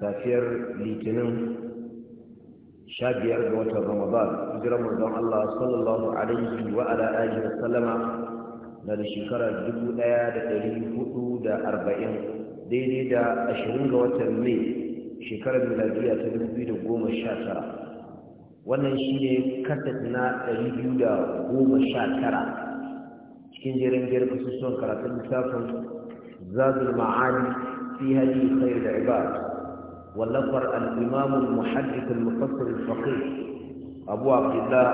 safiyar litinin sha biyar ga watan ramadan hijirar manzon Allah sallallahu alaihi wa ala alihi wa sallama na da shekarar dubu ɗaya da dari hudu da arba'in daidai da ashirin ga watan mai shekarar miladiya ta dubu da goma sha tara wannan shi ne kasat na dari biyu da goma sha tara cikin jerin jerin kasusuwan karatun littafin zazul ma'ani fi hadi khair da ibad واللفر الإمام المحدث المفسر الفقيه أبو عبد الله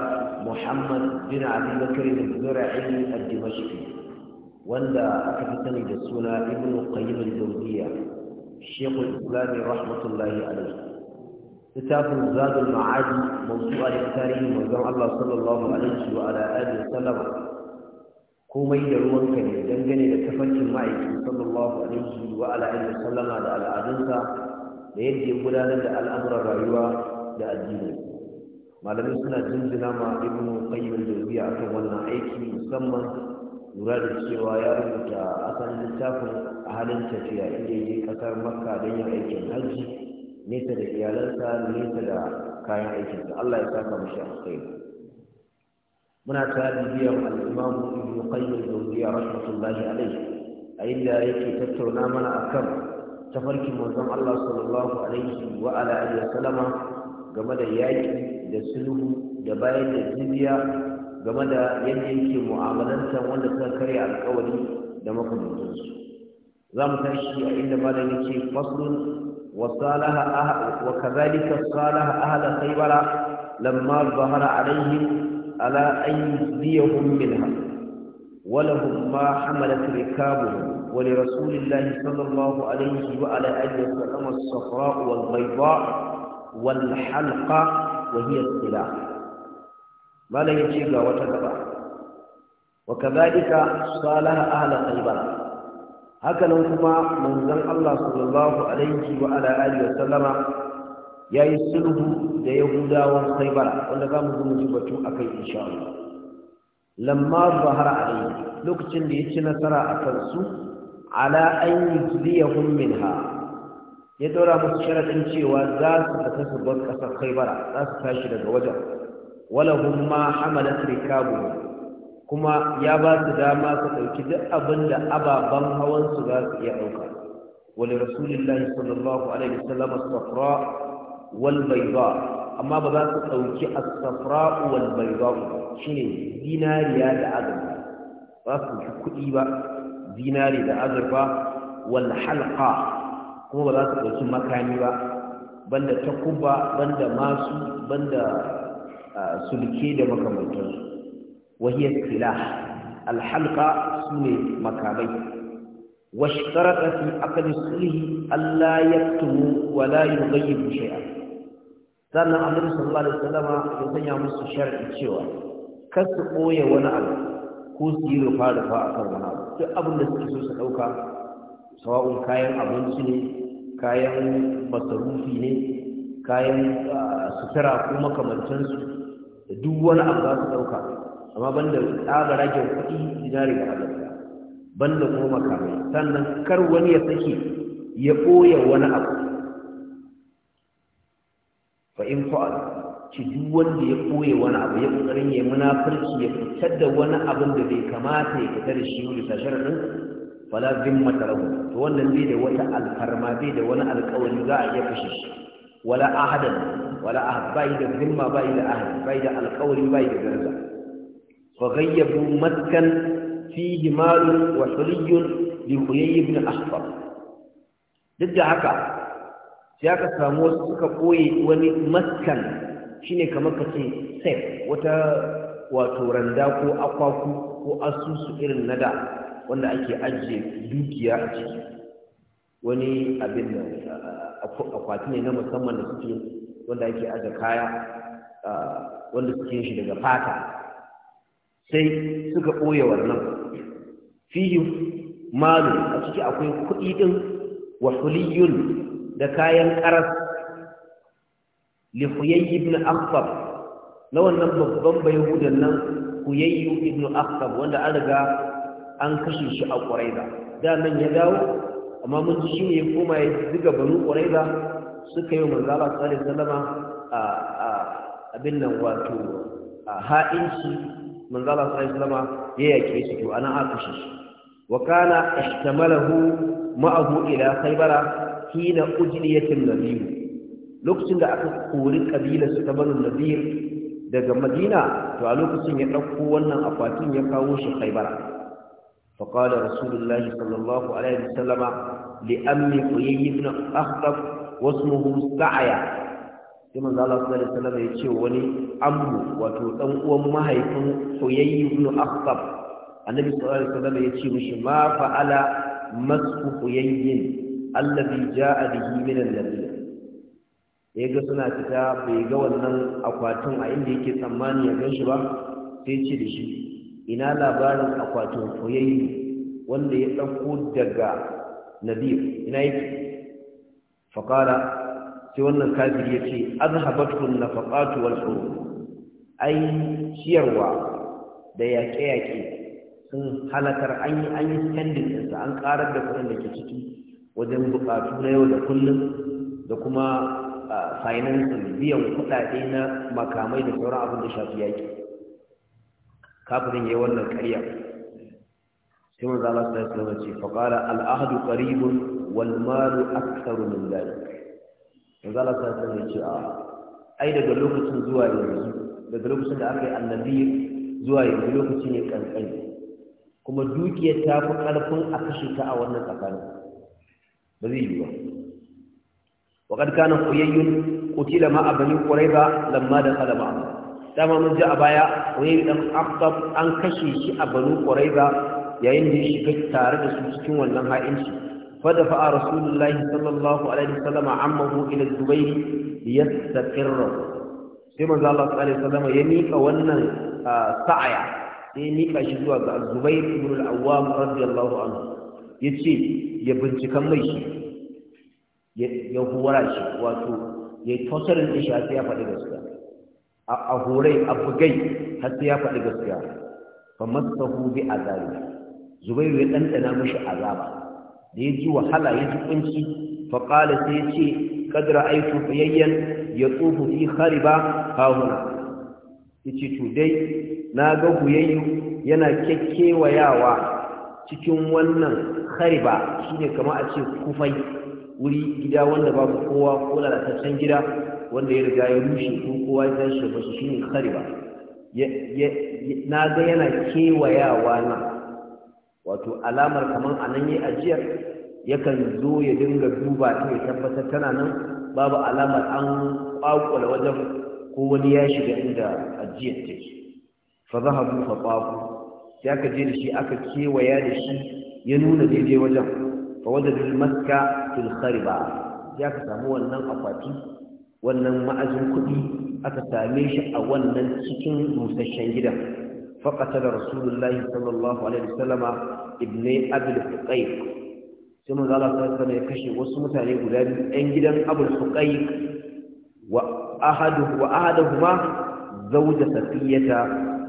محمد بن أبي بكر الزرعي الدمشقي وندا أكفتني بالسنة ابن القيم الجوزية الشيخ الإسلامي رحمة الله عليه كتاب زاد المعاد موسوعة لكتاره وزرع الله صلى الله عليه وعلى آله وسلم komai da ruwanka ne dangane da tafarkin ma'aiki sallallahu alaihi wa ala alihi sallama da al'adunsa da yadda ya gudanar da al'amuran rayuwa da addini malamai suna jinjina ma ibn qayyim al a akan wannan aiki musamman lura da cewa ya rubuta asalin littafin a halin tafiya inda ya je kasar makka don yin aikin haji nesa da iyalansa nesa da kayan aikinsa allah ya saka mashi kai muna ta bibiyar al'imamu ibn qayyim al-jawziya rahmatullahi alayhi a inda yake tattauna mana a akan tafarkin manzon Allah sallallahu alaihi wa ala alihi wasallama game da yaƙi da sulhu da bayan da jibiya game da yadda yake mu'amalantar wanda suka karya alƙawari da makamantansu za mu tashi a inda malam yake faslun wa salaha wa kadhalika salaha ahla khaybara lamma zahara alaihim ala an yuziyahum minha ولهم ما حملت ركابهم ولرسول الله صلى الله عليه وعلى آله وسلم الصفراء والبيضاء والحلقة وهي السلاح ما لا يجيب وتتبع وكذلك صالح أهل خيبر هكذا كما منزل الله صلى الله عليه وعلى آله وسلم ya yi sulhu da yahudawan khaibar wanda za mu zo mu ji batu a kai insha Allah lamma zahara alayhi lokacin da ya ci nasara a kansu ala an yuzliyahum minha ya dora musu sharadin cewa za su fita su bar ƙasar Khaibara za su tashi daga wajen Wala ma hamalat rikabu kuma ya ba su dama su ɗauki duk abin da ababan hawan su za su iya ɗauka Wani li sallallahu alaihi wasallam safra wal bayda amma ba za su ɗauki a safra wal bayda shine dinariya da azumi ba su kuɗi ba Zinari da azurfa wal halqa kuma ba za su ɗauki makami ba banda takuba banda masu banda sulke da makamantansu wahiyar silah alhalqa su ne makamai washtarata aka akali sulhi Allah ya tumu wa la yughayyibu shay'a sannan annabi sallallahu da Salama ya sanya musu shar'i cewa kar su koya wani abu ko su yi rufa fa a kan wani abu duk abin da suke so su ɗauka sawa'un kayan abinci ne kayan masarufi ne kayan ah, sutura ko makamantansu da duk wani abu za su ɗauka amma banda tsaga ragen kuɗi dinari da halatta banda kuma makamai sannan kar wani ya sake ya ɓoye wani abu fa'in ci duk wanda ya koye wani abu ya kokarin ya munafurci ya fitar da wani abin da bai kamata ya fitar da shi wuri tashar din fala zimma tarahu to wannan bai da wata alfarma bai da wani alƙawari za a iya kashe shi wala ahadan wala ahad bai da zimma bai da ahad bai da alƙawari bai da garza fa ghayyabu matkan fihi malun wa huliyun li huyay ibn ahfar duk da haka sai aka samu wasu suka koye wani maskan shine kamar ka ce sai wata wato randa ko akwaku ko asusu irin na da wanda ake ajiye dukiya a ciki wani abin da akwati ne na musamman da suke wanda ake aje kaya wanda suke shi daga fata sai suka ɓoye wannan fiye malu a ciki akwai kuɗi ɗin wa da kayan ƙaras li huyayy ibn akhtab na wannan babban bayahudan nan huyayy ibn akhtab wanda an riga an kashe shi a quraiza da nan ya dawo amma mun ji shi ne ya koma ya diga banu quraiza suka yi manzo Allah sallallahu alaihi wasallama a abin nan wato ha'inci manzo Allah sallallahu alaihi wasallama ya yake shi to ana aka kashe shi wa kana ihtamalahu ma'ahu ila khaybara hina ujliyatin nabiy lokacin da aka kori kabila su ta banu nadir daga madina to a lokacin ya ɗauko wannan akwatin ya kawo shi khaibara fa qala rasulullahi sallallahu alaihi wasallama li ammi quyay ibn akhdab wasmuhu sa'aya. sai manzo Allah sallallahu alaihi wasallama ya ce wani ammu wato dan uwan mahaifin quyay ibn akhdab annabi sallallahu alaihi wasallama ya ce mishi ma fa'ala masku quyay alladhi ja'a bihi min al ya ga suna fita bai ga wannan akwatin a inda yake tsammani ya ganshi ba sai ce da shi ina labarin akwatin koyayye wanda ya ɗauko daga nabir ina yake faƙara sai wannan kafir ya ce an habatun na faƙatu tsoro ai ciyarwa da yaƙe-yaƙe sun halakar an yi an yi standing ɗinsa an ƙarar da kuɗin da ke ciki wajen buƙatu na yau da kullum da kuma finance biyan kuɗaɗe na makamai da sauran abin da shafi yaƙi kafirin yayi wannan ƙarya sai manzo Allah sallallahu alaihi wasallam ce faqala al-ahdu qaribun wal malu aktharu min dhalik manzo Allah sallallahu alaihi ce a ai daga lokacin zuwa yanzu daga lokacin da aka yi annabi zuwa yanzu lokaci ne kankani kuma dukiyar ta fi karfin a kashe ta a wannan tsakanin ba zai yi ba وقد كان قيي قتل مع بني قريظة لما دخل معه dama mun ji a baya wani dan aftab an kashe shi a banu quraiza yayin da ya shiga tare da su cikin wannan ha'inci fa da fa sallallahu alaihi wasallam ammahu ila zubayr liyastaqirra sai manzo Allah sallallahu alaihi wasallam ya mika wannan sa'aya sai mika shi zuwa ga zubayr ibn al-awwam yace ya bincikan mai shi ya hura shi wato ya yi da shi har sai ya faɗi gaskiya a horai a bugai har sai ya faɗi gaskiya fa masahu bi azabi zubairu ya ɗanɗana mashi azaba da ya ji wahala ya ji kunci fa qala sai ya ce qad ra'aytu fiyayyan yatufu fi khariba ha huna yace to dai na ga huyayyu yana kekkewayawa cikin wannan khariba shine kamar a ce kufai wuri gida wanda babu kowa ko lalataccen gida wanda ya riga ya rushe ko kowa ya tashi ba shi shine ba na ga yana kewayawa na wato alamar kamar a nan yi ajiyar yakan zo ya dinga duba ta ya tabbatar tana nan babu alamar an kwakwala wajen ko wani ya shiga inda ajiyar take fa zahabu fa qafu sai aka je da shi aka kewaya da shi ya nuna daidai wajen fa wajadul maska fil khariba ya ka samu wannan akwati wannan ma'ajin kuɗi aka same shi a wannan cikin rusasshen gidan فقتل رسول الله صلى الله عليه وسلم ابن أبي الحقيق sai manzo Allah sallallahu alaihi ya kashe wasu mutane guda biyu yan gidan Abu Huqayq wa ahaduhu wa Safiyata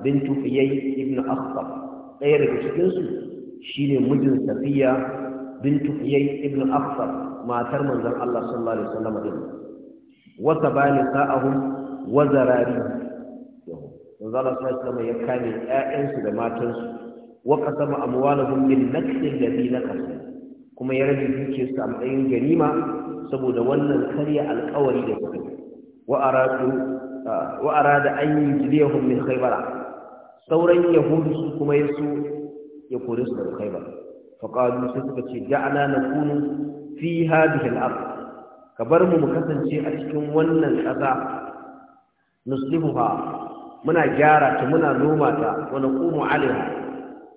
bint Fiyay ibn Akhtab ɗaya daga cikin shine mijin Safiya bintu Uyay ibn Affar matar manzon Allah sallallahu alaihi wasallam din wa tabani sa'ahum wa zarari manzon Allah sallallahu alaihi wasallam ya kame ƴaƴansu da matansu wa qasama amwalahum bil nakhl alladhi nakasu kuma ya rage dukiyarsu a matsayin ganima saboda wannan karya alƙawari da suka yi wa aradu wa arada an yujliyahum min khaybara sauran yahudu kuma yaso ya kore su daga khaybara faƙalu sai suka ce da'ana na kunu fi hadhihi al-ard ka bar mu mu kasance a cikin wannan ƙasa nuslihuha muna gyara ta muna noma ta wa naqumu 'alaiha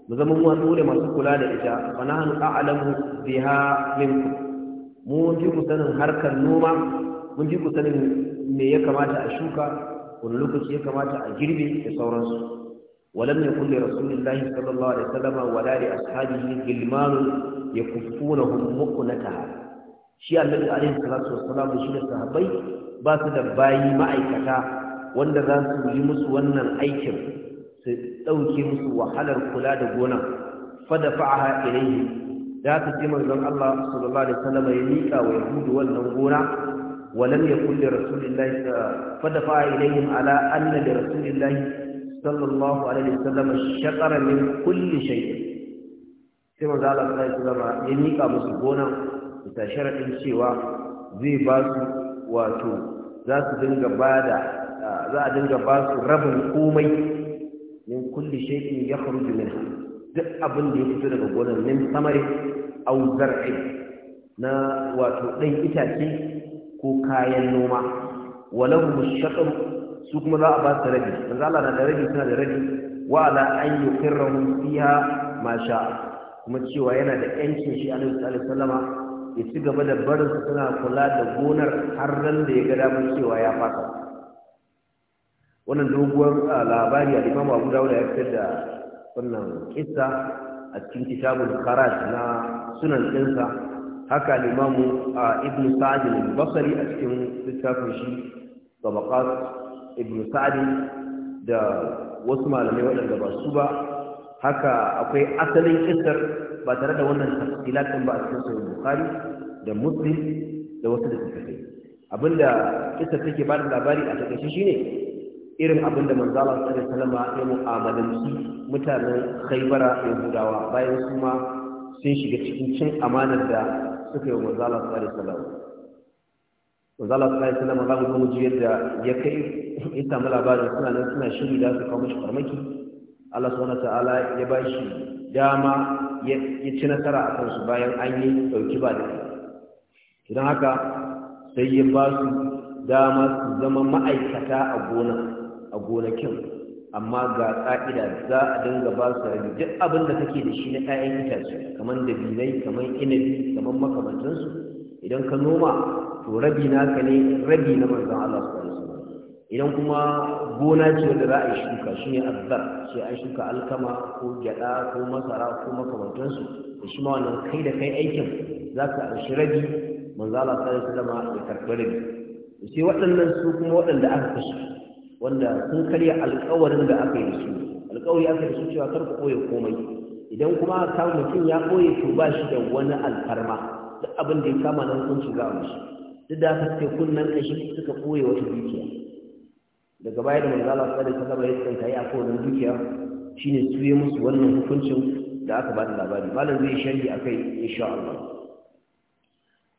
mu zama mu dole masu kula da ita fa nahnu a'lamu biha minkum mu ji ku sanin harkar noma mun ji ku sanin me ya kamata a shuka wani lokaci ya kamata a girbe da sauransu ولم يكن لرسول الله صلى الله عليه وسلم ولا لأصحابه غلمان يكفونهم مقنتها shi annabi alaihi salatu wassalam shi da sahabbai ba su da bayi ma'aikata wanda za su yi musu wannan aikin su dauke musu wahalar kula da gona fadafa'aha ilayhi da ta ji manzon Allah sallallahu alaihi wasallam ya miƙa wa yahudu wannan gona walam yakul li rasulillahi fadafa'a ilayhim ala anna li rasulillahi sallallahu alaihi wasallam shaqara min kulli shay sai manzo Allah sallallahu alaihi wasallam ya mika musu gona da sharadin cewa zai basu wato za su dinga bada za a dinga ba rabin komai min kulli duk abin da ya fito daga gonar min samari aw zar'i na wato ɗan itace ko kayan noma walahu shaqru su kuma za a ba su rabi manzo Allah na da rabi suna da rabi wa ala an yuqirrahum fiha ma sha kuma cewa yana da yancin shi Annabi sallallahu alaihi wasallama ya ci gaba da barin su suna kula da gonar har ran da ya ga damar cewa ya fasa wannan doguwar ah, labari a Imam Abu Dawud ya fitar da wannan kissa a cikin kitabul kharaj na sunan ɗinsa haka limamu a ah, ibn sa'ad al-basri a cikin littafin shi tabaqat ibn sa'adi da wasu malamai waɗanda ba su ba haka akwai asalin kisar ba tare da wannan tafsilatin ba a cikin sahih bukhari da muslim da wasu da suka kai abinda kisar take ba da labari a takaice shine irin abinda manzo Allah sallallahu alaihi wasallam ya mu'amalanci mutanen Khaybara Yahudawa bayan su ma sun shiga cikin cin amanar da suka yi manzo Allah sallallahu alaihi wasallam manzo Allah sallallahu alaihi wasallam yadda ya kai ya samu labarin suna nan suna shiri da su kawo mashi farmaki Allah subhanahu ta'ala ya ba shi dama ya ci nasara a kansu bayan an yi dauki ba da idan haka sai ya ba su dama su zama ma'aikata a gona a gonakin amma ga ƙa'ida za a dinga ba su rabi duk abin da take da shi na 'ya'yan itace kamar dabinai kamar inabi kamar makamantansu idan ka noma to rabi naka ne rabi na manzon Allah subhanahu idan kuma gona ce wanda za a yi shuka shi ne azzar sai an shuka alkama ko gyada ko masara ko makamantansu da shi ma wannan kai da kai aikin za ka arshi rabi manzo Allah sallallahu alaihi wasallam karɓi rabi sai waɗannan su kuma waɗanda aka kashe wanda sun karya alƙawarin da aka yi su alkawari aka yi su cewa kar ku koye komai idan kuma ka mutum ya ɓoye to ba shi da wani alfarma duk abin da ya kama nan kunci za a mishi duk da haka sai kunnan kashi suka ɓoye wata dukiya daga baya da Manzala su sallallahu alaihi ya tsanta ya ko dukiya shi su yi musu wannan hukuncin da aka ba da labari malam zai a akai insha Allah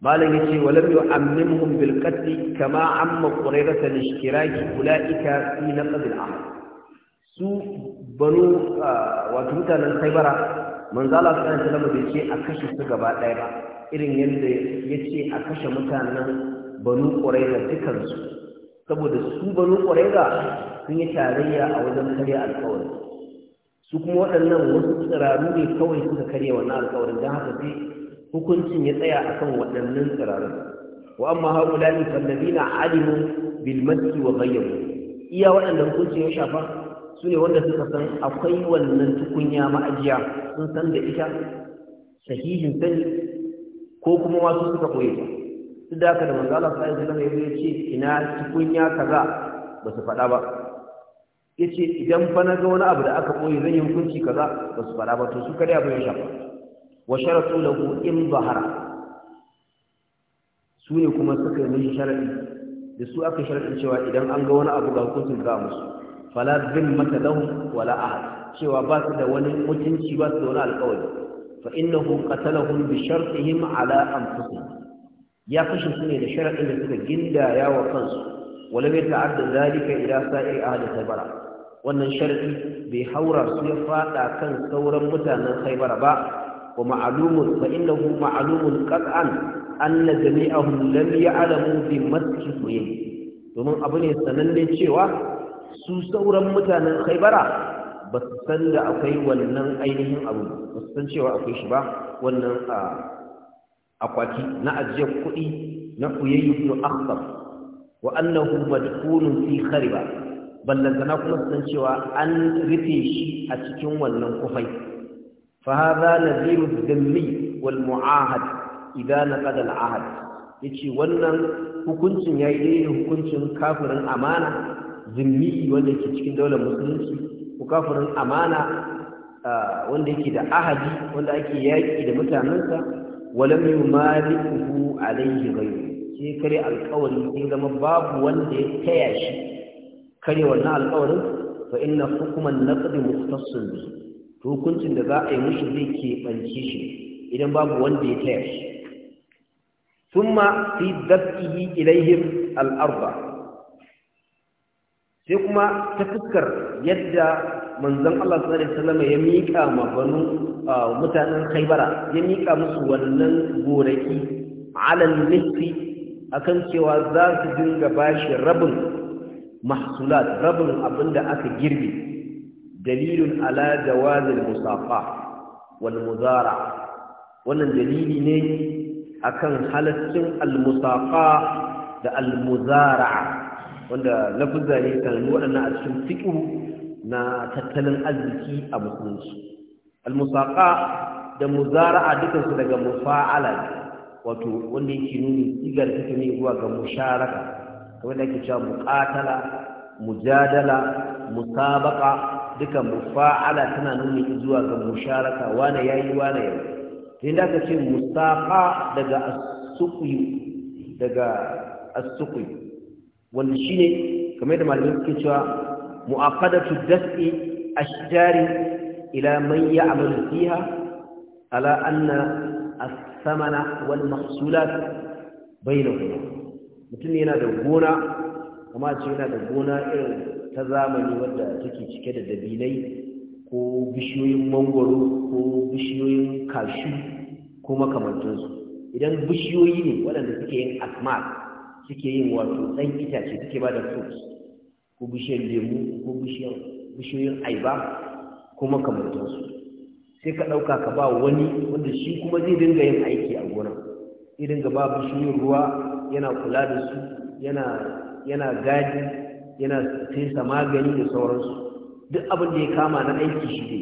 malam yace walam yu'ammimuhum bil qatl kama amma qurayrata al-ishtiraki ulaika fi na al-ahd su banu ah, wato mutanen Khaybara manzala su sallallahu alaihi bai ce a kashe su gaba ɗaya ba irin yadda ya ce a kashe mutanen banu qurayza dukansu saboda su banu ƙwararra sun yi tarayya a wajen karya alkawari su kuma waɗannan wasu tsiraru ne kawai suka karya wannan alkawarin don haka sai hukuncin ya tsaya akan waɗannan tsirarun wa amma haula ni na alimu bilmaski wa ghayyabu iya waɗannan hukuncin ya shafa su ne wanda suka san akwai wannan tukunya ma'ajiya sun san da ita sahihin sani ko kuma wasu suka koye ta duk da haka da manzo Allah sallallahu alaihi wasallam ya ce ina tukunya kaza ba su faɗa ba yace idan fa na ga wani abu da aka koyi zan yi hukunci kaza ba su faɗa ba to su kada abin ya shafa wa sharatu lahu in zahara su ne kuma suka yi mishi sharadi da su aka sharadi cewa idan an ga wani abu ga hukuncin za musu fala zimmata lahu wala ahad cewa ba su da wani mutunci ba su da wani alƙawari fa innahu qatalahum bi shartihim ala anfusihim ya kashe su ne da sharaɗin da suka gindaya wa kansu wala mai ta'adda zalika ila sa'i ahli khaybara wannan sharadi bai haura su ya faɗa kan sauran mutanen khaybara ba wa ma'lumun fa innahu ma'lumun qat'an anna jami'ahum lam ya'lamu bi maski suyin domin abu ne sananne cewa su sauran mutanen khaybara ba su san da akwai wannan ainihin abu ba su san cewa akwai shi ba wannan ah, akwati na ajiyar kuɗi na uyayyu ibn akhtab wa annahu madkhulun fi khariba ballantana kuma san cewa an rufe shi a cikin wannan kufai fa hadha nadhiru dhimmi wal mu'ahad idza naqada al ahad yace wannan hukuncin yayi daidai hukuncin kafirin amana zimmi wanda yake cikin daular musulunci ko kafirin amana ah, wanda yake da ahadi wanda ake yaƙi da mutanensa walam yumalikuhu alayhi ghayru sai kare alƙawarin in zama babu wanda ya taya shi kare wannan alƙawarin fa inna hukuman naqd mukhtassun bi to hukuncin da za a yi mushi zai keɓance shi idan babu wanda ya taya shi thumma fi dabtihi ilayhim al-arba sai kuma ta fuskar yadda manzon Allah sallallahu alaihi wasallam ya mika ma banu mutanen Khaybara ya mika musu wannan goraki alal nisfi akan cewa za su dinga bashi rabin mahsulat rabin abinda aka girbe dalilun ala jawazil musafa wal muzara wannan dalili ne akan halaccin al musafa da al muzara wanda lafuzza zane kan waɗannan a cikin fiqh na tattalin arziki a musulunci al-musaqa da muzara'a dukansu daga mufa'ala wato wanda yake nuni sigar take ne zuwa ga musharaka kamar da ake cewa muqatala mujadala musabaqa dukan mufa'ala tana nuni zuwa ga musharaka wani yayi wani yayi sai da aka ce musaqa daga as-suqi daga as-suqi wanda shine kamar da malamin suke cewa mu'aqadatu daf'i ashjari ila man ya'malu fiha ala anna as-samana wal mutum yana da gona kuma ce yana da gona irin ta zamani wadda take cike da dabilai ko bishiyoyin mangoro ko bishiyoyin kashu ko makamantansu idan bishiyoyi ne waɗanda suke yin asmat suke yin wato ɗan itace suke ba da fruits ko bishiyar lemu ko bishiyar aiba ko makamantarsu. sai ka ɗauka ka ba wani wanda shi kuma zai dinga yin aiki a gona. zai dinga ba bishiyar ruwa yana kula da su yana gadi yana fesa magani da sauransu duk abin da ya kama na aiki shi ne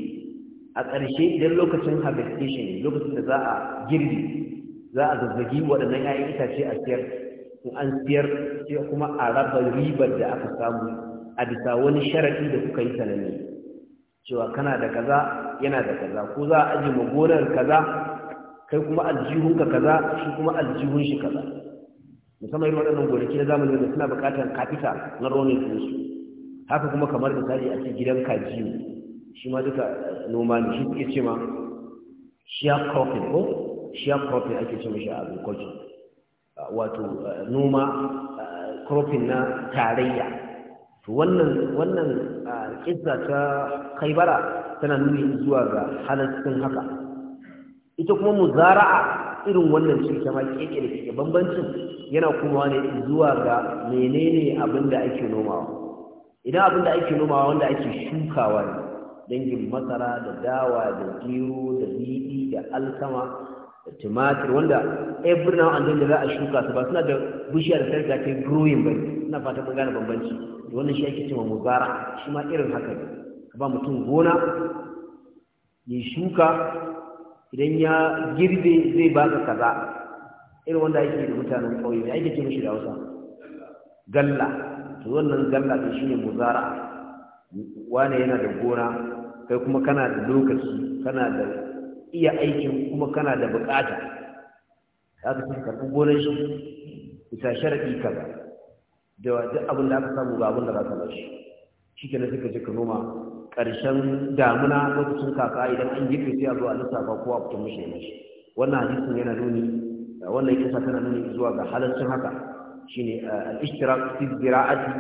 a ƙarshe idan lokacin habitation lokacin da za a girbi za a zazzagi waɗannan 'ya'yan itace a siyar in an siyar sai kuma a raba ribar da aka samu a bisa wani sharaɗi da kuka yi sanani cewa kana da kaza yana da kaza ko za a aje ma gonar kaza kai kuma aljihunka kaza shi kuma aljihun shi kaza musamman irin waɗannan gonaki na zamani da suna buƙatar kafita na ronin su haka kuma kamar misali a ce gidan kaji shi ma duka eh, noma ne shi ke ce ma ya kofi ko ya kofi ake ce mashi a agriculture wato noma cropping na tarayya to wannan wannan kissa ta kaibara tana nuni zuwa ga halaccin haka ita kuma muzara'a irin wannan ce ta keke da keke bambancin yana kuma ne zuwa ga menene abinda ake nomawa idan abinda ake nomawa wanda ake shukawa ne dangin masara da dawa da giro da biɗi, da alkama tumatir wanda every now and then da za a shuka su ba suna da bishiyar da sarka ta growing ba na fata mun gane bambanci da wannan shi ake cewa mubara shi ma irin haka ne ka ba mutum gona ya shuka idan ya girbe zai ba ka kaza irin wanda yake da mutanen kauye ne ake ce mishi da Hausa galla to wannan galla din shine muzara wane yana da gona kai kuma kana da lokaci kana da iya aikin kuma kana da bukata za ka sun karɓi gonar shi bisa sharaɗi kaza da duk abin da aka samu ga abin da za ka bashi shi na suka je ka noma ƙarshen damuna lokacin kaka idan an gefe sai a zuwa a lissafa ko a fita mashi mashi wannan hadisin yana nuni wannan kisa tana nuni zuwa ga halaccin haka shine eh, al-ishtirak fi zira'ati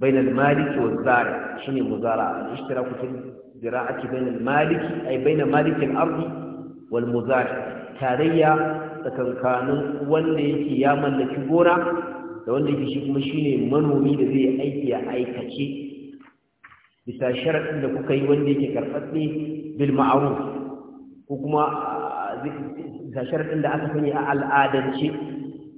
bainal malik wa zari shine muzara al-ishtirak fi zira'ati bainal maliki ay bainal malikin ardi wal muzari tarayya tsakankanin wanda yake ya mallaki gona da wanda yake shi kuma shine manomi da zai aiki a aikace bisa sharadin da kuka yi wanda yake karfatsi bil ma'ruf ko kuma ah, bisa sharadin da aka sani a al'adance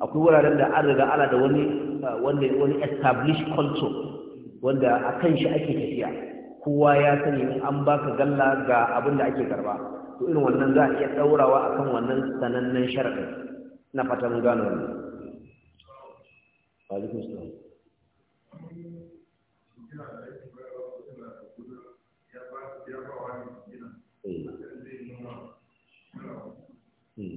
akwai wuraren da an riga ala da wani ah, wani established culture wanda akan shi ake tafiya kowa ya sani in an baka galla ga abin da ake karba to irin wannan za a iya daurawa akan wannan sanannen sharadin na fatan gano ne. Eh. Hmm.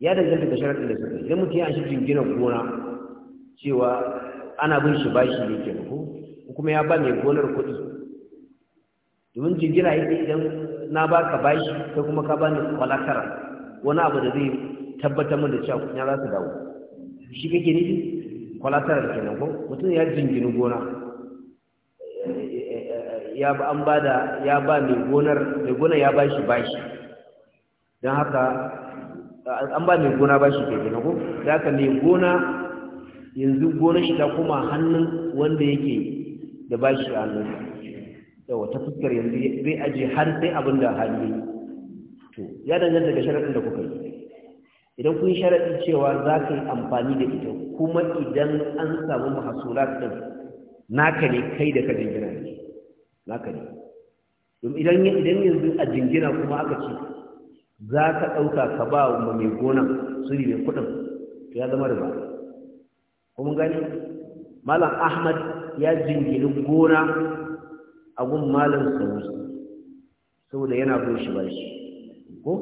ya danganta da sharadin da suke yi idan mutum ya shi jingina gona cewa ana bin shi bashi ne ke ko kuma ya ba mai gonar kuɗi domin jingina yake idan na ba ka bashi sai kuma ka bani kwalakar wani abu da zai tabbatar min da cewa ya za su dawo shi kake nufi kwalakar nan ko mutum ya jingina gona ya an ba da ya ba mai gonar mai gonar ya bashi bashi don haka an ba mai gona bashi ke nan ko da haka mai gona yanzu gonar shi ta kuma hannun wanda yake da ba shi hannun da wata fuskar yanzu zai aje har sai abin da hali to ya danganta daga sharaɗin da kuka yi idan kun sharaɗi cewa za ka yi amfani da ita kuma idan an samu mahasulat ɗin naka ne kai da ka jingina ne naka ne idan yanzu a jingina kuma aka ce za ka ɗauka ka ba wa mai gonan su mai kuɗin ya zama riba kun gani malam ahmad ya jingiri gona a gun malam sauri saboda yana bin shi bashi ko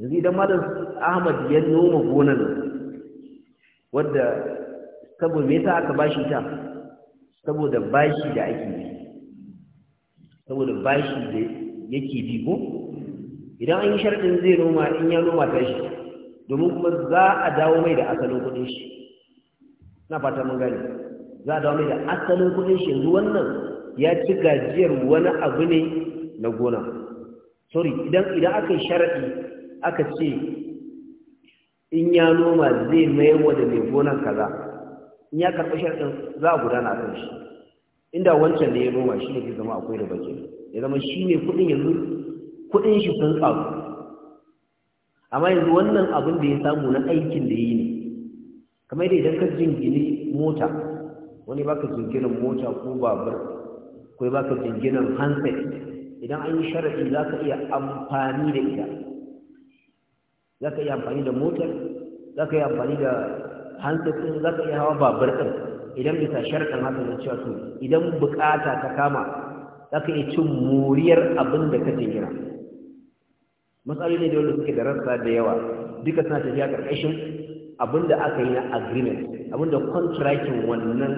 yanzu idan malam ahmad ya noma gonan wadda saboda me yasa aka bashi ta saboda bashi da ake bi saboda bashi da yake bi ko idan an yi sharɗin zai noma in ya noma ta shi domin kuma za a dawo mai da asalin kudin shi na fata mun gani za a dawo da asalin kudin shi yanzu wannan ya ci gajiyar wani abu ne na gona sorry idan idan aka yi sharadi aka ce in ya noma zai mayar wa mai gonan kaza in ya karɓi sharadin za a gudana kan shi inda wancan da ya noma shi ne ke zama akwai da bakin ya zama shi ne kudin yanzu kudin shi sun tsaro amma yanzu wannan abin da ya samu na aikin da yi ne kamar yadda idan ka jingini mota wani baka jinginan mota ko babur ko baka jinginan handset idan an yi sharadi za ka iya amfani da ita za ka iya amfani da motar za ka iya amfani da handset za ka iya hawa babur ɗin idan bisa sharadin haka da cewa to idan bukata ta kama za ka iya cin moriyar abin da ka jingina matsaloli ne da wanda suke da rasa da yawa duka suna tafiya ƙarƙashin abinda aka yi na agreement abinda contracting wannan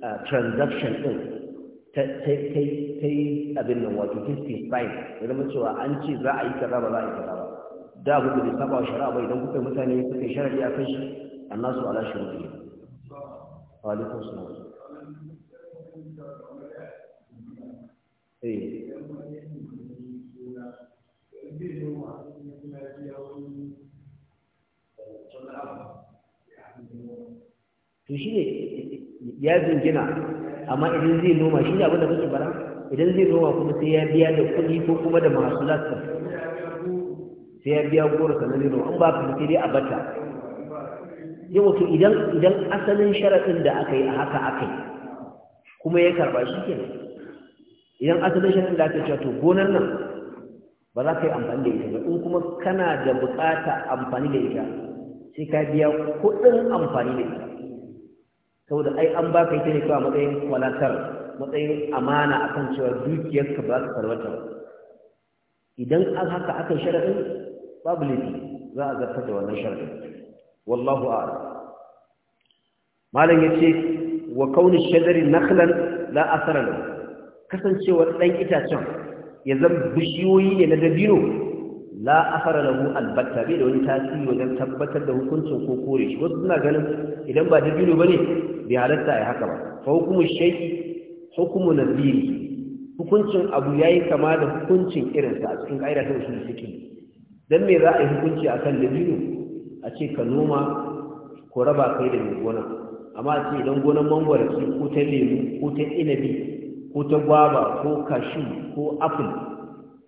uh, transaction din ta yi abin nan wato ta specify ya zama cewa an ce za a yi kaza ba za a yi kaza ba da abin da bai saba wa shari'a ba idan kuka yi mutane suka yi shari'a a kan shi annasu ala shari'a wa alaikum salam eh to shi ne ya zingina amma idan zai noma shi ne abin da kake bara idan zai noma kuma sai ya biya da kuɗi ko kuma da masu lasa sai ya biya goro sannan zai noma an ba ka sai dai a bata yau wato idan idan asalin sharaɗin da aka yi a haka aka yi kuma ya karɓa shi kenan idan asalin sharaɗin da aka yi to gonar nan ba za ka yi amfani da ita ba in kuma kana da buƙata amfani da ita sai ka biya kuɗin amfani da ita saboda ai an baka ita ne kawai matsayin walatar matsayin amana a kan cewa dukiyarka ba su sarwata ba idan an haka aka sharaɗin babu laifi za a zartar da wannan sharaɗin wallahu a'lam malam yace wa kauni shadari nakhlan la asara lahu dan itacen ya zama bishiyoyi ne na dabino la asara lahu albatta bai da wani tasiri wajen tabbatar da hukuncin ko kore shi wasu suna ganin idan ba dabino bane bai halatta ya haka ba fa hukumu shay'i hukumu nadiri hukuncin abu yayi kama da hukuncin irinsa a cikin ƙa'ida ta usul dan me za a yi hukunci akan dabino a ce ka noma ko raba kai da mai gona amma a ce idan gonan mangwara ce ko ta lemu ko ta inabi ko ta gwaba ko kashu ko apul,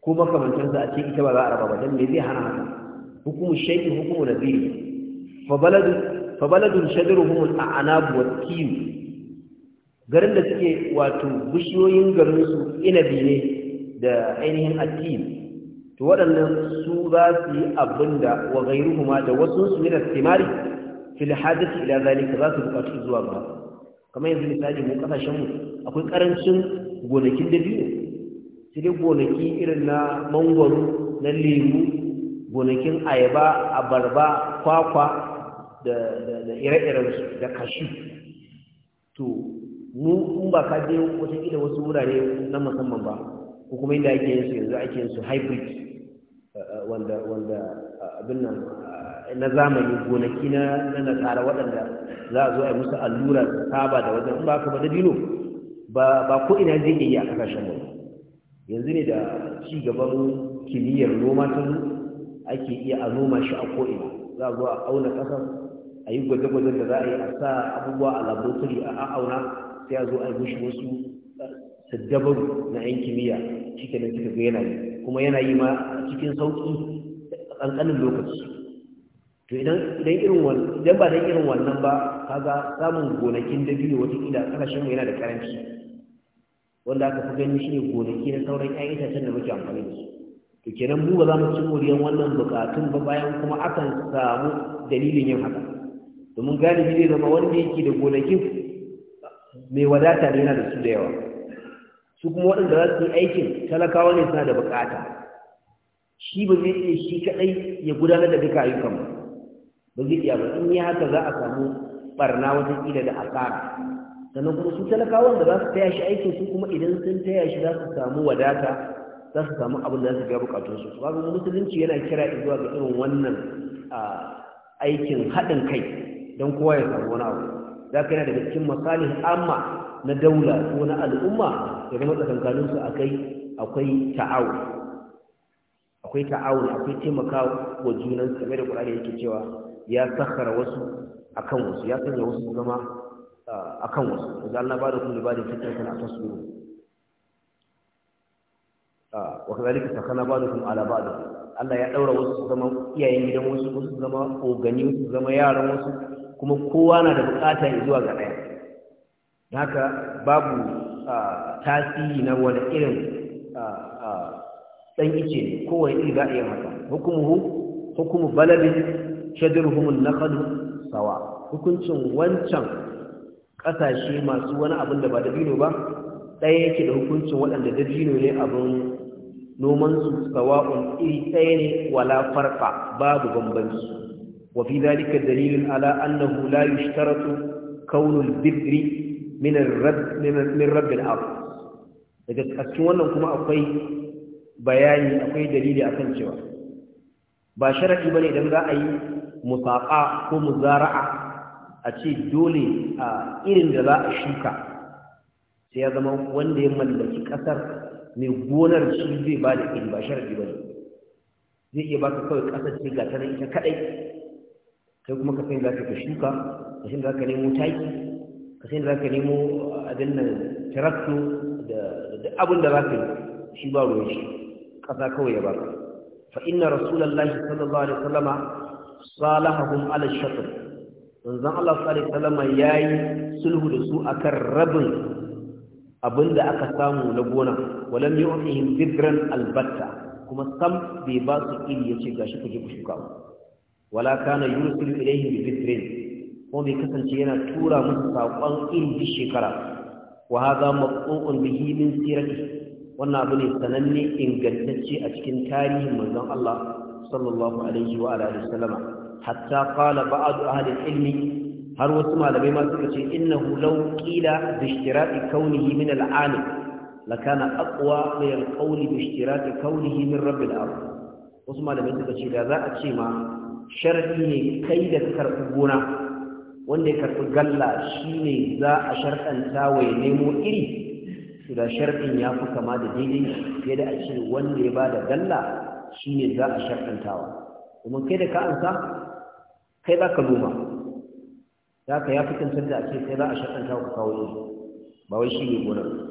ko makarantarsa a ce ita ba za a raba ba dan me zai hana haka hukumu shay'i hukumu nadiri fa baladu fa baladun shadiruhum al'anab wa tiyu garin da suke wato bishiyoyin garin su inabi ne da ainihin atim to waɗannan su za su yi abinda wa ma da wasu su min timari fil hadathi ila zalika za su zuwa ba kamar yanzu misali mu kasashen mu akwai karancin gonakin dabino sai gonaki irin na mangwaro na lemu gonakin ayaba abarba kwakwa da ire-irensu da kashi to mu in ba ka je watakila wasu wurare na musamman ba ko kuma inda ake yin su yanzu ake yin su hybrid eh, eh, wanda wanda abin nan na zamani gonaki na na tsara waɗanda za a zo a yi musu allura saba da wajen in ba ka ba da dino ba ko ina zai iya a kasashen mu yanzu ne da ci gaban kimiyyar noma ta ake iya a noma shi a ko'ina za a zo a auna ƙasar a yi gwaje-gwajen da za a yi a sa abubuwa a laboratory a a'auna sai a zo a yi mushi wasu uh, sadabar na yan kimiyya Cikin nan suka ga yana yi kuma yana yi ma cikin sauƙi a ƙanƙanin lokaci to idan irin wannan idan ba dan irin wannan ba kaga samun gonakin dabino wata kila kasashen mu yana da karanci wanda aka fi gani shine gonaki na sauran ƴaƴan itacen da muke amfani da su to kenan mu ba za mu ci moriyan wannan bukatun ba bayan kuma akan samu dalilin yin haka domin galibi zai zama wanda yake da gonakin mai wadata ne yana da su da yawa su kuma waɗanda za su yi aikin talakawa ne suna da bukata shi ba zai iya shi kaɗai ya gudanar da duka ayyukan ba zai iya ba in yi haka za a samu barna wajen ƙila da asara sannan kuma su talakawan da za su taya shi aikin su kuma idan sun taya shi za su samu wadata za su samu abin da za su biya bukatun su musulunci yana kira zuwa ga irin wannan ah, aikin haɗin kai don kowa ya samu wani abu za ka yana daga cikin misali amma na daula ko na al'umma ya zama tsakankaninsu akai akwai ta'awu akwai ta'awu akwai taimakawa wa junan kamar da kurare yake cewa ya sakhara wasu akan wasu ya sanya wasu zama akan wasu idan Allah ba da kuma ba da fitar kana tasbiru wakazalika sakana ba'dukum ala ba'd Allah ya daura wasu su zama iyayen gidan wasu wasu zama ogani wasu su zama yaran wasu kuma kowa na da bukata ya zuwa ga ɗaya haka babu tasiri na wani irin ɗan ice ne kowai iri za a yi haka hukumuhu hukumu balabin shadirhumun naqadu sawa hukuncin wancan ƙasashe masu wani abin da ba da dabino ba ɗaya yake da hukuncin waɗanda da dabino ne abin nomansu sawa'un iri ɗaya ne wala farfa babu bambanci وفي ذلك دليل على أنه لا يشترط كون البر من الرب من daga cikin wannan kuma akwai bayani akwai dalili akan cewa ba sharadi bane idan za a yi musaqa ko muzara'a a ce dole a irin da za a shuka sai ya zama wanda ya mallaki ƙasar mai gonar shi zai ba da iri ba sharadi bane zai iya baka kawai kasar ce ga ta ita kadai kai kuma ka sani za ka shuka ka sani za ka nemo taki ka sani za ka nemo eh, abin nan tarakto da abin da za ka yi shi ba ruwan shi ƙasa kawai ya ba ka fa inna rasulallahi sallallahu alaihi wasallama salahahum ala shatr manzon Allah sallallahu alaihi wasallama yayi sulhu da su akan rabin abin da aka samu na gona walam yu'tihim dhibran albatta kuma sam bai ba su iri yace gashi kuje ku shuka ba wala kana yursilu ilayhim bi fitrin ko bai kasance yana tura musu saƙon indi shekara wa hadha maqtu'un bihi min sirati wannan abu ne sananne ingantacce a cikin tarihin manzon Allah sallallahu alaihi wa alihi wasallama hatta qala ba'd ahli ilmi har wasu malamai ma suka ce innahu law qila bi ishtirati kaunihi min al-alim lakana aqwa min al-qawli bi ishtirati kaunihi min rabbil ard wasu malamai suka ce da za a ce ma sharfi ne kai da karfi gona wanda ya karfi galla shine za a sharɗanta wa ya nemo iri su da sharfin ya fi kama da daidai fiye da a ce wanda ya ba da galla shine za a sharɗantawa kuma kai da ka'ansa kai za ka noma za ka ya fi kantar da a ce kai za a sharɗanta ka kawo iri ba wai shi ne gonar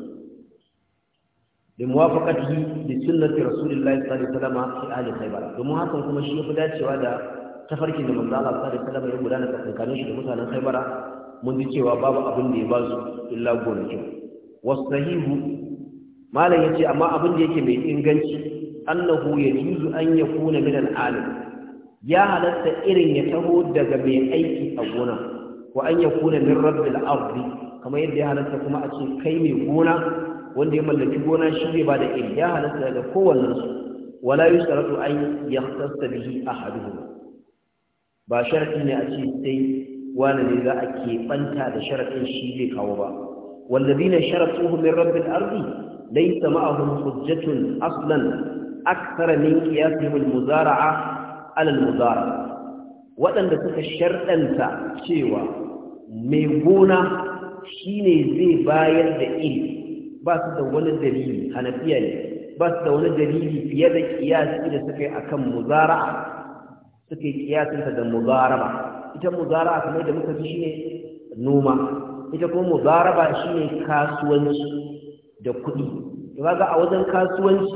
da muwafaqatihi da sunnati rasulullahi sallallahu alaihi wasallam fi ahli khaybar domin hakan kuma shi yafi dacewa da tafarkin da manzo Allah sallallahu alaihi wasallam ya gudana tsakanin shi da mutanen Khaybara mun ji cewa babu abin da ya ba su illa gonaki wasahihu malam yace amma abin da yake mai inganci annahu yajuzu an yakuna min al-alim ya halatta irin ya taho daga mai aiki a gona wa an yakuna min rabbil ardi kamar yadda ya halatta kuma a ce kai mai gona wanda ya mallaki gona shi zai bada iri ya halatta daga kowannen su wala yusaratu an yahtassa bihi ahaduhum ba sharaɗi ne a ce sai wani ne za a keɓanta da sharaɗin shi zai kawo ba wallazina sharatuhu min rabbil yi laysa ma'ahum hujjatun aslan akthara min kiyasi al-muzara'a a alal muzara waɗanda suka sharɗanta cewa mai gona shine zai bayar da iri ba su da wani dalili hanafiya ne ba su da wani dalili fiye da kiyasi da suka yi akan muzara'a suka yi kiyasinta da muzaraba ita muzaraba kamar da muka fi shine noma ita kuma mudaraba shine kasuwanci da kuɗi ba ga a wajen kasuwanci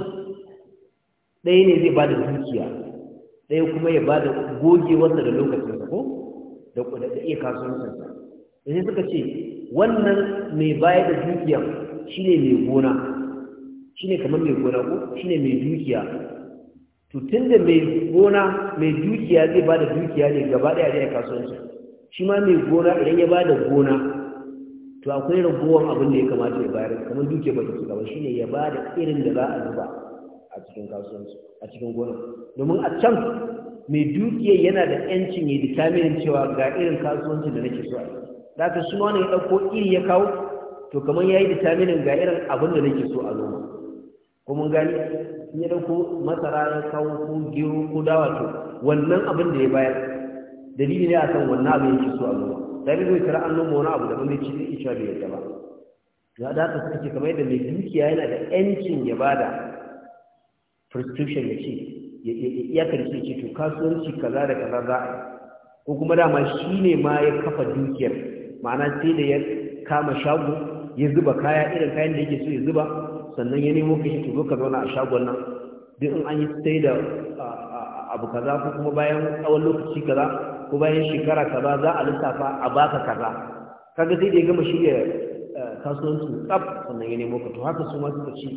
ɗaya ne zai bada dukiya ɗaya kuma ya bada gogewarsa da lokacinsa ko da da iya sa sai suka ce wannan mai bayar da dukiya shine mai gona shine kamar mai gona ko shine mai dukiya to tunda mai gona mai dukiya zai ba da dukiya ne gaba ɗaya da ya kasuwanci shi ma mai gona idan ya ba da gona to akwai ragowar abin da ya kamata ya bayar kamar dukiya ba ta ci gaba ne ya ba da irin da za a zuba a cikin kasuwanci a cikin gona domin a can mai dukiya yana da yancin ya da determine cewa ga irin kasuwanci da nake so a yi da ka shi wani ya ɗauko iri ya kawo to kamar ya yi determinin ga irin abin da nake so a noma ko mun gani ya dauko masara ya kawo ko gero ko dawa to wannan abin da ya bayar dalili ne san wannan abin yake so a noma dalili zai tara an noma wani abu da ban ci zai iya bai yadda ba ya da ta suke kamar yadda mai dukiya yana da yancin ya bada prescription ya ce ya karshe ce to kasuwanci kaza da kaza za a ko kuma dama shi ne ma ya kafa dukiyar ma'ana sai da ya kama shago ya zuba kaya irin kayan da yake so ya zuba sannan ya nemo ka shi ka zauna a shagon nan duk in an yi sai da abu kaza ko kuma bayan tsawon lokaci kaza ko bayan shekara kaza za a lissafa a baka kaza kaga sai da ya gama shirya eh, kasuwanci tsaf sannan ya nemo ka to haka su ma suka ce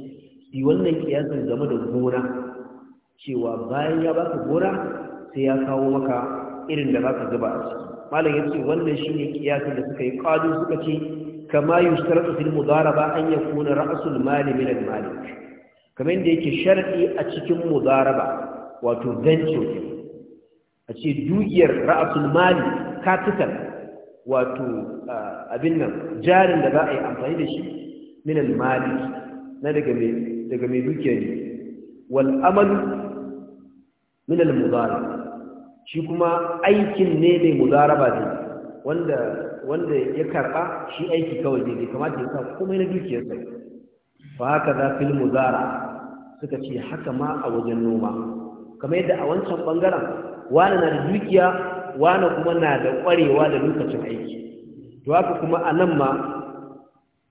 yi wannan kiyasin game da gona cewa bayan ya baka gona sai ya kawo maka irin da za ka zuba a ciki malam ya ce wannan shi ne kiyasin da suka yi kwado suka ce kama yushtaratu fil mudaraba an yakuna ra'sul mali min al malik yadda yake sharadi a cikin mudaraba wato venture a ce dukiyar ra'asul mali capital wato abin nan jarin da za a yi amfani da shi min malik na daga mai daga mai dukiyar wal amalu mudaraba shi kuma aikin ne mai mudaraba ne wanda wanda ya karba shi aiki kawai ne kamata ya sa komai na dukiyarsa fa haka za fil muzara suka ce haka ma a wajen noma kamar yadda a wancan bangaren wani na da dukiya wani kuma na da kwarewa da lokacin aiki to haka kuma a nan ma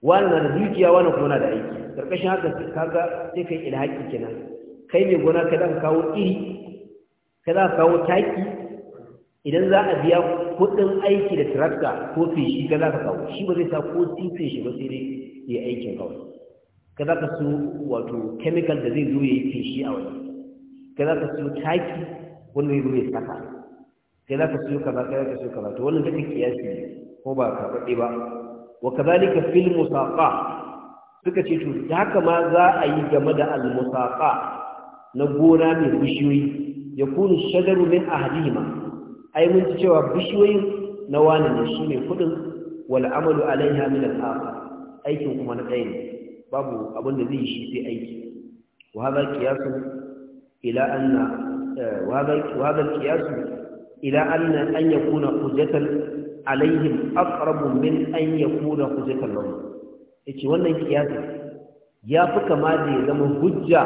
wani na da dukiya wani kuma na da aiki karkashin haka kaga sai kai ilhaki kenan kai mai gona ka za ka kawo iri ka za ka kawo taki idan za a biya kudin aiki da tirakta ko feshi ga za ka kawo shi ba zai sa ko tife shi ba sai dai ya aikin kawai ka za ka su wato chemical da zai zo ya yi feshi a wani ka za ka su taki wanda ya zo ya saka ka za ka yi kaza ka za ka so kaza to wannan duka kiyasi ne ko ba karɓaɗe ba wa kazalika fil musaqa suka ce to da haka ma za a yi game da al musaqa na gona mai bishiyoyi yakunu shadaru min ahlihima ai mun cewa bishiyoyin na wani ne shi ne kudin wal amalu alaiha min al aikin kuma na ɗaya ne babu abin da zai shi sai aiki wa kiyasu ila Annan an ya kuna ila anna an alaihim aqrabu min an ya yakuna hujjatan lahum yace wannan kiyasi ya fi kama da ya zama hujja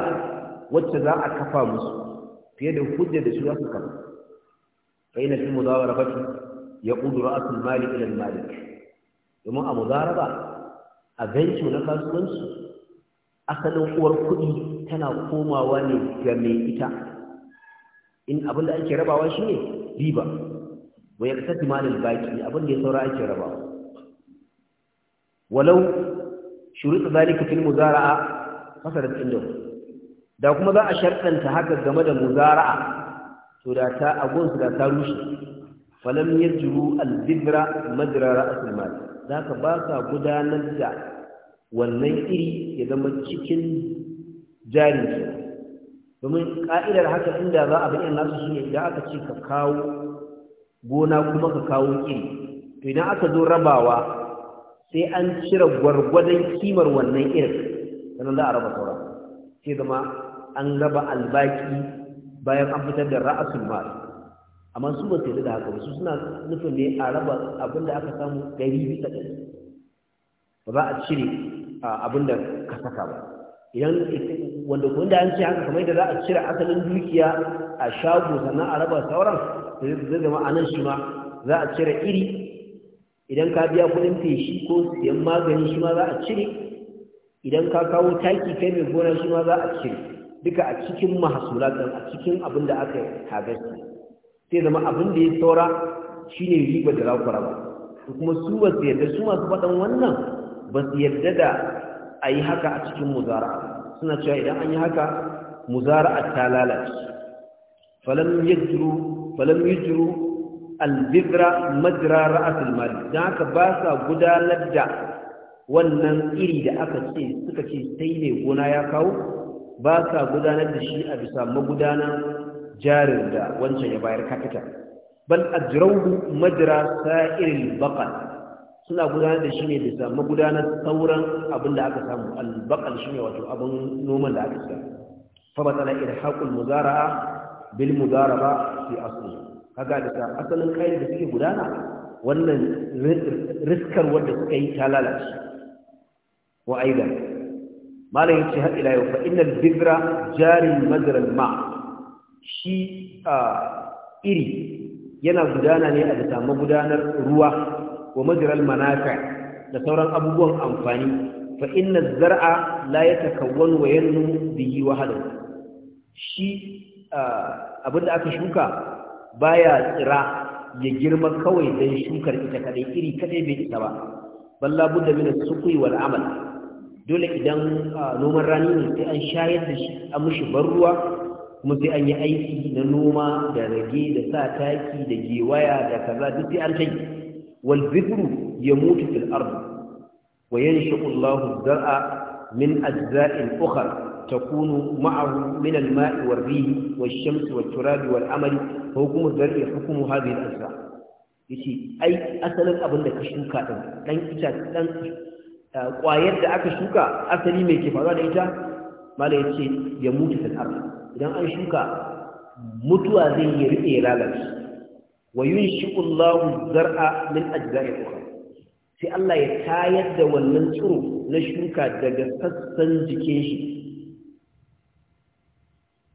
wacce za a kafa musu fiye da hujja da su za su kama. فإن في المضاربة يقود رأس المال إلى المالك يما مضاربة أبنش نقص منس أصل وركدي تنا كوما واني جميع إتا إن أبن أنك ربا واشي ريبا ويقتد مال الباقي أبن يسورا أنك ربا ولو شروط ذلك في المزارعة فسدت عنده da kuma za a sharɗanta haka game da muzara'a to a gun agon su da ta rushe falam yajru al-dibra madra ra's al-mal zaka ba gudanar da wannan iri ya zama cikin jari domin ka'idar haka inda za a bi in nasu shine idan aka ce ka kawo gona kuma ka kawo iri to idan aka zo rabawa sai an cire gwargwadon kimar wannan irin sannan za a raba sauran sai zama an raba albaki bayan an fitar da ra'asul mal amma su ba su da haka ba su suna nufin ne a raba abin da aka samu gari bisa ɗari ba za a cire abin da ka saka ba idan wanda inda an ce haka kamar da za a cire asalin dukiya a shago sannan a raba sauran zai zama a nan shi ma za a cire iri idan ka biya kuɗin feshi ko siyan magani shi ma za a cire idan ka kawo taki kai mai gona shi ma za a cire duka a cikin mahasulatun a cikin abin da aka harvesti sai zama abin da ya saura shine riba da rakura ba kuma su ba su yarda su masu faɗan wannan ba su yarda da a yi haka a cikin muzara suna cewa idan an yi haka muzara ta lalace falam yajiru falam albibra madra ra'atul mali haka ba sa gudanar da wannan iri da aka ce suka ce sai ne gona ya kawo ba ka gudanar da shi a bisa magudana jarin da wancan ya bayar kafita bal ajrauhu majra sa'iril baqal suna gudanar da shi ne bisa magudanar sauran abin da aka samu al shi ne wato abin noman da aka samu fa batala irhaqul muzara'a bil mudaraba fi asli kaga da asalin kai da suke gudana wannan riskar wanda suka yi ta lalace wa malam yace har ila yau fa innal bidra jarin madral ma shi iri yana gudana ne a bisa magudanar ruwa wa madral manaka da sauran abubuwan amfani fa inna zar'a la yatakawwanu wa yanmu bihi wahdahu shi abinda aka shuka baya tsira ya girma kawai dan shukar ita kadai iri kadai bai isa ba balla budda min as-suqi wal amal dole idan noman rani ne sai an shayar da shi an mishi ban ruwa kuma sai an yi aiki na noma da rage da sa taki da gewaya da kaza duk sai an tayi wal bidru yamutu fil ard wa yanshiqu Allahu zar'a min ajza'in ukhra تكون معه من الماء والريح والشمس والتراب والعمل فحكم الزرع حكم هذه الأجزاء yace ai asalin abin da ka shuka din dan itace. dan ƙwayar eh, da aka shuka asali mai ke da ita mala ya ce ya mutu da idan an shuka mutuwa zai yi rike ya wa wa shi ƙullahu zar'a min ajiyar ukhra sai Allah ya tayar da wannan tsoro na shuka daga sassan jikin shi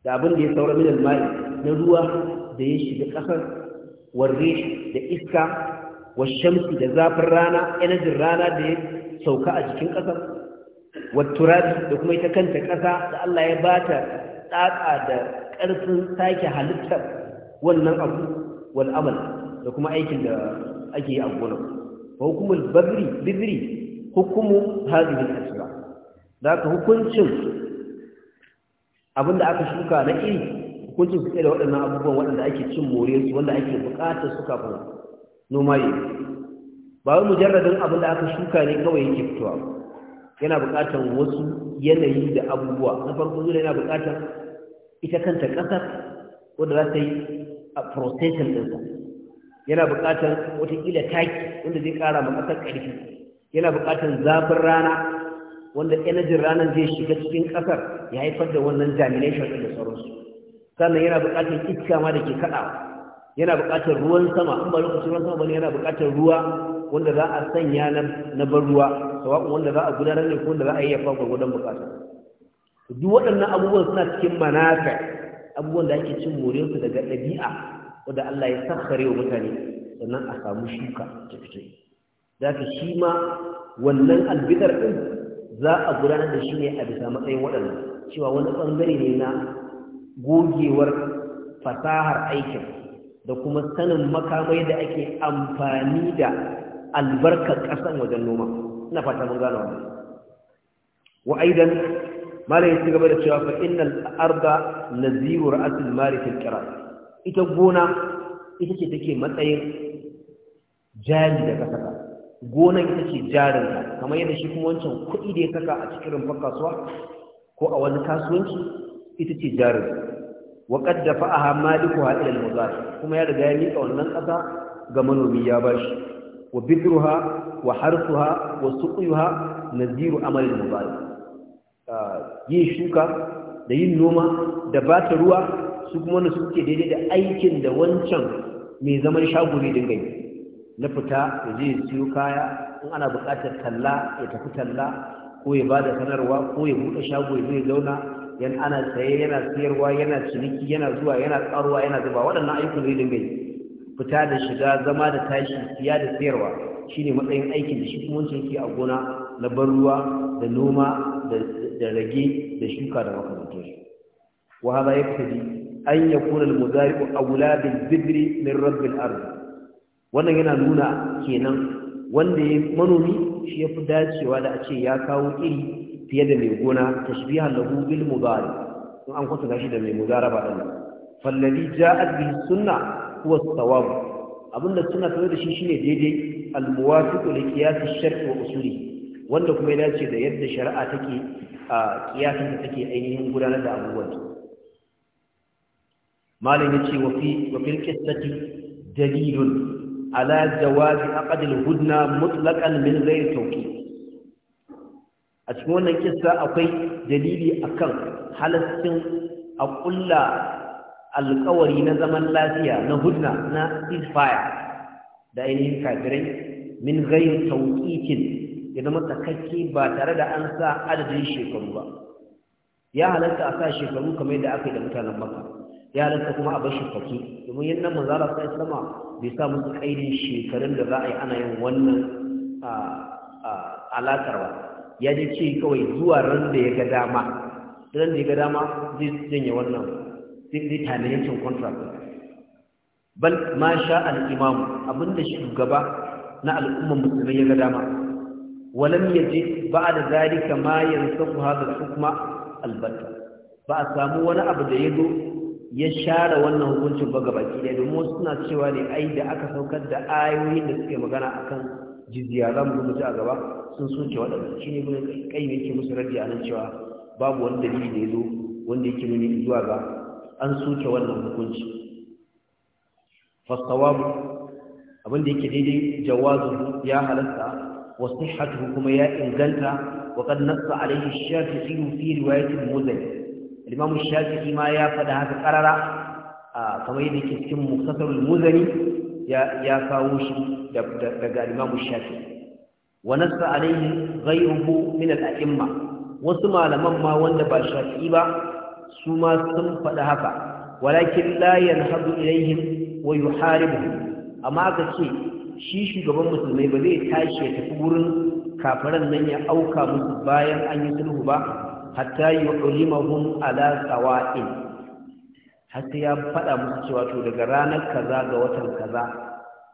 da abin da ya saura min mai na ruwa da ya shiga ƙasar warre da iska Shamsi da zafin rana energy rana da ya sauka a jikin ƙasar watturabi da kuma ita kanta ƙasa da Allah ya bata tsaka da ƙarfin sake halittar wannan abu wal amal da kuma aikin da ake yi a gonar hukumul badri bidri hukumu hadhihi al-asra da ka hukuncin abinda aka shuka na iri hukuncin su da waɗannan abubuwan waɗanda ake cin more su wanda ake buƙatar su kafin noma yi ba wani mujarradin abin da aka shuka ne kawai yake fitowa yana buƙatar wasu yanayi da abubuwa na farko zuwa yana buƙatar ita kanta ƙasar wadda za ta yi a processing ɗinsa yana buƙatar watakila taki wanda zai ƙara ma ƙasar ƙarfi yana buƙatar zafin rana wanda energy ranar zai shiga cikin ƙasar ya haifar da wannan germination ɗin da sauransu sannan yana buƙatar iska ma da ke kaɗawa yana buƙatar ruwan sama in ba lokacin ruwan sama bane yana buƙatar ruwa wanda za a sanya na bar ruwa sawa'un wanda za a gudanar ne ko wanda za a yi yafa gudan buƙata duk waɗannan abubuwan suna cikin manaka abubuwan da ake cin su daga ɗabi'a wanda Allah ya sakkare wa mutane sannan a samu shuka ta fito da ka shi ma wannan albidar ɗin za a gudanar da shi ne a bisa matsayin waɗannan cewa wani ɓangare ne na gogewar fasahar aikin da kuma sanin makamai da ake amfani da albarkar ƙasan wajen noma ina fata mun gano wa. wa aidan malai ya gaba da cewa fa innal arda naziru ra'at al-mali fil qirat ita gona ita ce take matsayin jari da kasaka Gona ita ce jarin ka kamar yadda shi kuma wancan kuɗi da ya saka a cikin rumfar kasuwa ko a wani kasuwanci ita ce jarin wa qad dafa'aha malikuha ila al-muzari kuma ya riga ya mika wannan kasa ga manomi ya bashi wa bidruha wa harsuha wa suqiha naziru amal al ah, yin shuka da yin noma da bata ruwa su kuma wanda suke daidai da aikin da wancan mai zaman shaguri din gani na fita ya je siyo kaya in ana buƙatar talla ya tafi talla ko ya ba sanarwa ko ya buɗe shago ya zai zauna yan ana saye yana siyarwa yana ciniki yana zuwa yana karuwa yana zuba waɗannan ayyukan zai dinga yi fita da shiga zama da tashi siya da siyarwa shine matsayin aikin da shi kuma wancan a gona na ban ruwa da noma da rage da shuka da makamantar shi wa ya yaktadi an yakuna al-mudari'u awla bil bidri min rabbil ard wannan yana nuna kenan wanda ya manomi shi yafi dacewa da a ce ya kawo iri fiye da mai gona biya lahu bil mubari sun an kwatanta shi da mai mudaraba din fallabi ja bihi sunna huwa as abinda suna tare da shi shine daidai al-muwafiqu li qiyas ash wa usuli wanda kuma ya dace da yadda shari'a take a qiyasin da take ainihin gudanar da abubuwan malam ya ce wa fil dalilun ala jawazi aqd al hudna mutlaqan min zai tauki. a cikin wannan kissa akwai dalili akan kan a kulla alƙawari na zaman lafiya na hudna na ceasefire da ainihin kafirai min ghairi tawqitin ya zama takakke ba tare da an sa adadin shekaru ba ya halatta a sa shekaru kamar yadda aka yi da mutanen maka. ya halatta kuma a bashi fake domin yadda manzara sai sama bai sa musu kaidin shekarun da za a yi ana yin wannan ah, ah, alaƙar ba ya ji ce kawai zuwa ran da ya ga dama ran da ya ga dama zai janye wannan zai tana yankin contract bal ma sha al-imam abinda shugaba na al'ummar musulmai ya ga dama walam yaji ba'da zalika ma yansahu hadha al kuma albatta ba a samu wani abu da yazo ya share wannan hukuncin ba gaba da domin suna cewa ne ai da aka saukar da ayoyin da suke magana akan jizya za mu zo mutu a gaba sun soke waɗanda shi kai ne ke musu rabi cewa babu wani dalili da ya zo wanda yake nuni zuwa ga an soke wannan hukunci fastawabu abin da yake daidai jawazu ya halatta wa sihhatu kuma ya inganta wa qad nassa alayhi shafi'i fi riwayatin muzani imam shafi'i ma ya faɗa haka karara kamar yadda yake cikin muktasarul muzani ya kawo shi daga imamu shafi wa nassa alaihi ghayruhu min al-a'imma wasu malaman ma wanda ba shafi ba su ma sun faɗi haka walakin la yanhadu ilaihim wa yuharibuhum amma aka ce shi shugaban musulmai ba zai tashi ya tafi wurin kafaran nan ya auka musu bayan an yi sulhu ba hatta yu'limahum ala sawa'in har sai ya faɗa musu cewa to daga ranar kaza ga watan kaza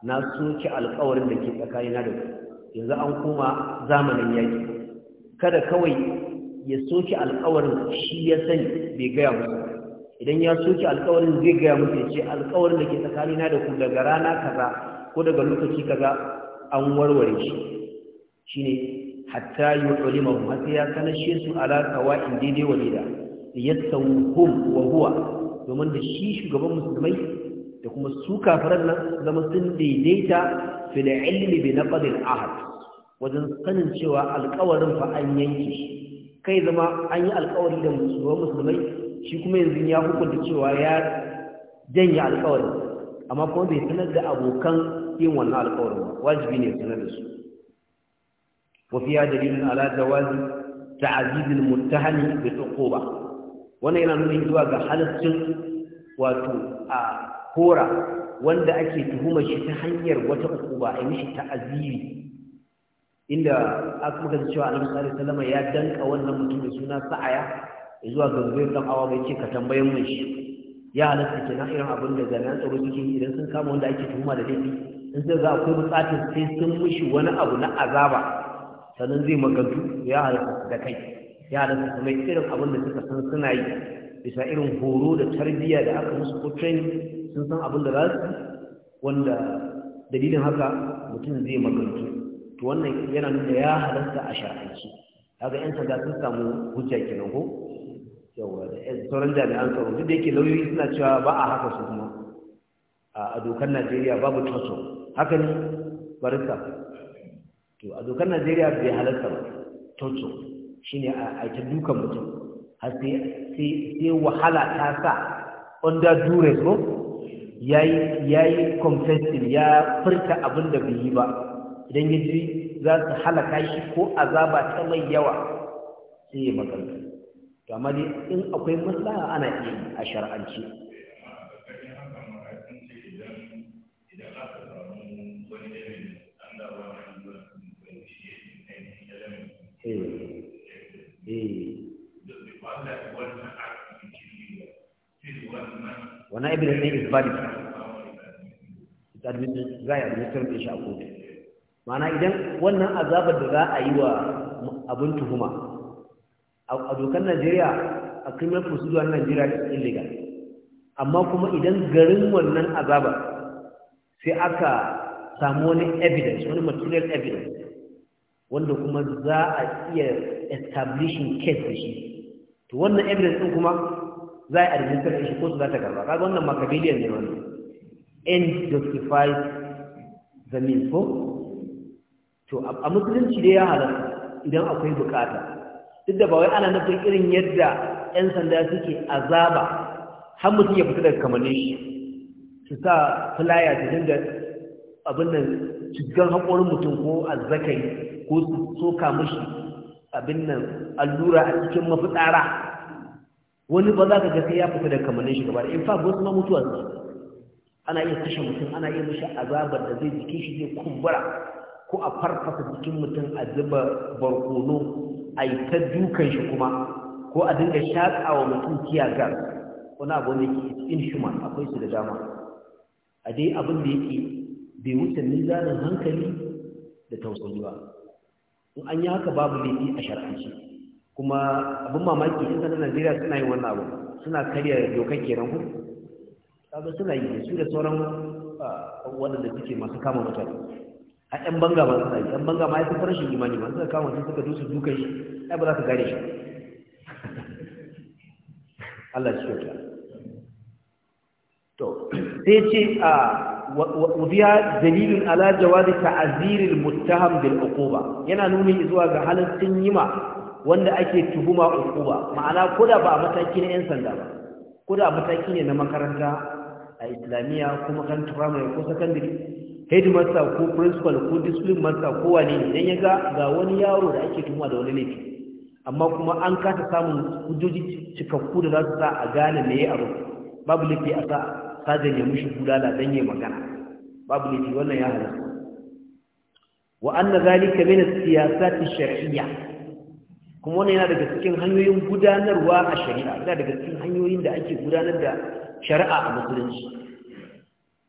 na soke alƙawarin da ke tsakanina da ku yanzu an koma zamanin yaƙi kada kawai ya soke alƙawarin shi ya sani bai gaya musu idan ya soke alƙawarin zai gaya musu ya ce alƙawarin da ke tsakanina da ku daga rana kaza ko daga lokaci kaza an warware shi shine hatta yu'limu hatta ya sanashe su ala in daidai walida yastawu hum wa huwa domin da shi shugaban musulmai da kuma su kafiran nan zama sun daidaita fil ilmi bi naqdil ahad wajen sanin cewa alkawarin fa an yanke kai zama an yi alƙawari da musulmai musulmai shi kuma yanzu ya hukunta cewa ya janye alƙawari amma kuma bai sanar da abokan yin wannan alƙawarin wajibi ne sanar da su wa dalilin ala jawazi ta'azizil bai bi ba. wannan yana nuna zuwa ga halaccin wato a hora wanda ake tuhumar shi ta hanyar wata hukuma a yi mishi ta'aziri inda aka muka ji cewa annabi sallallahu alaihi ya danka wannan mutum mutumin suna sa'aya zuwa ga zubair dan awa bai ce ka tambayen mun shi ya halatta kenan irin abin da jami'an tsaro suke idan sun kama wanda ake tuhuma da laifi in sai ga akwai bukatun sai sun mishi wani abu na azaba sannan zai magantu ya halatta da kai yaran su kuma irin abin da suka san suna yi bisa irin horo da tarbiyya da aka musu ko training sun san abin da za su wanda dalilin haka mutum zai magantu to wannan yana nuna ya halarta a sha'anci kaga yan sanda sun samu hujja kenan ko yawa da sauran jami'an tsaro duk da yake lauyoyi suna cewa ba a haka su kuma a dokar Najeriya babu taso haka ne barista to a dokar Najeriya bai halarta ba taso ne a aita dukan mutum har sai wahala ta sa under duress ko yayi yayi confessing ya furta abin da bai yi ba idan ya ji za su halaka shi ko azaba ta mai yawa sai ya magana to amma in akwai maslaha ana iya a shar'anci Eh. wannan evidence ne is valid it's administered za a administer da shi a kotu ma'ana idan wannan azabar da za a yi wa abin tuhuma a dokar najeriya a criminal procedure najeriya is illegal amma kuma idan garin wannan azabar sai aka samu wani evidence wani material evidence wanda kuma za a iya establishing case da shi to wannan evidence din kuma za a administer shi ko su za ta karba kaga wannan makabiliyan ne wannan and justify the means ko to a musulunci dai ya halatta idan akwai bukata duk da ba wai ana nufin irin yadda 'yan sanda suke azaba har mutum ya fita daga kamannin shi su sa filaya su dinga abin nan cikin haƙorin mutum ko azzakari ko su soka mashi abin nan allura a cikin mafitsara wani ba za ka ga sai ya fita da kamannin shi gaba da in fa su kuma mutuwa su ana iya kashe mutum ana iya mashi azabar da zai jikin shi zai kumbura ko a farfasa jikin mutum a zuba barkono a yi ta dukan shi kuma ko a dinga shaƙa wa mutum kiyagar wani abu ke yake inhuman akwai su da dama a dai abin da yake bai wuce nizanin hankali da tausayi ba in an yi haka babu laifi a shar'anci kuma abin mamaki in sanar najeriya suna yin wannan abu suna karya dokar kenan ku kaga suna yi su da sauran ah, waɗanda suke masu kama mutane a ɗan banga ba suna yi ɗan banga ma ya fi farashin imani ba suka kama sun suka dusu dukan shi ai ba za ka gane shi Allah shi kyauta to sai ce a ah, وفيها دليل على جواز تعذير bil بالعقوبة yana nuni zuwa ga halaccin yima wanda ake tuhuma uquba ma'ana koda ba mataki na yan sanda ba koda mataki ne na makaranta a islamiyya ko makarantar primary ko secondary headmaster ko principal ko discipline master ko wani ne dan yaga ga wani yaro da ake tuhuma da wani laifi amma kuma an kasa samun hujjoji cikakku da za su sa a gane me ya abu babu laifi a sa'a. sajan ya mushi bulala dan ya magana babu ne wannan ya halatta wa anna zalika min as-siyasat shariyya kuma wannan yana daga cikin hanyoyin gudanarwa a shari'a yana daga cikin hanyoyin da ake gudanar da shari'a a musulunci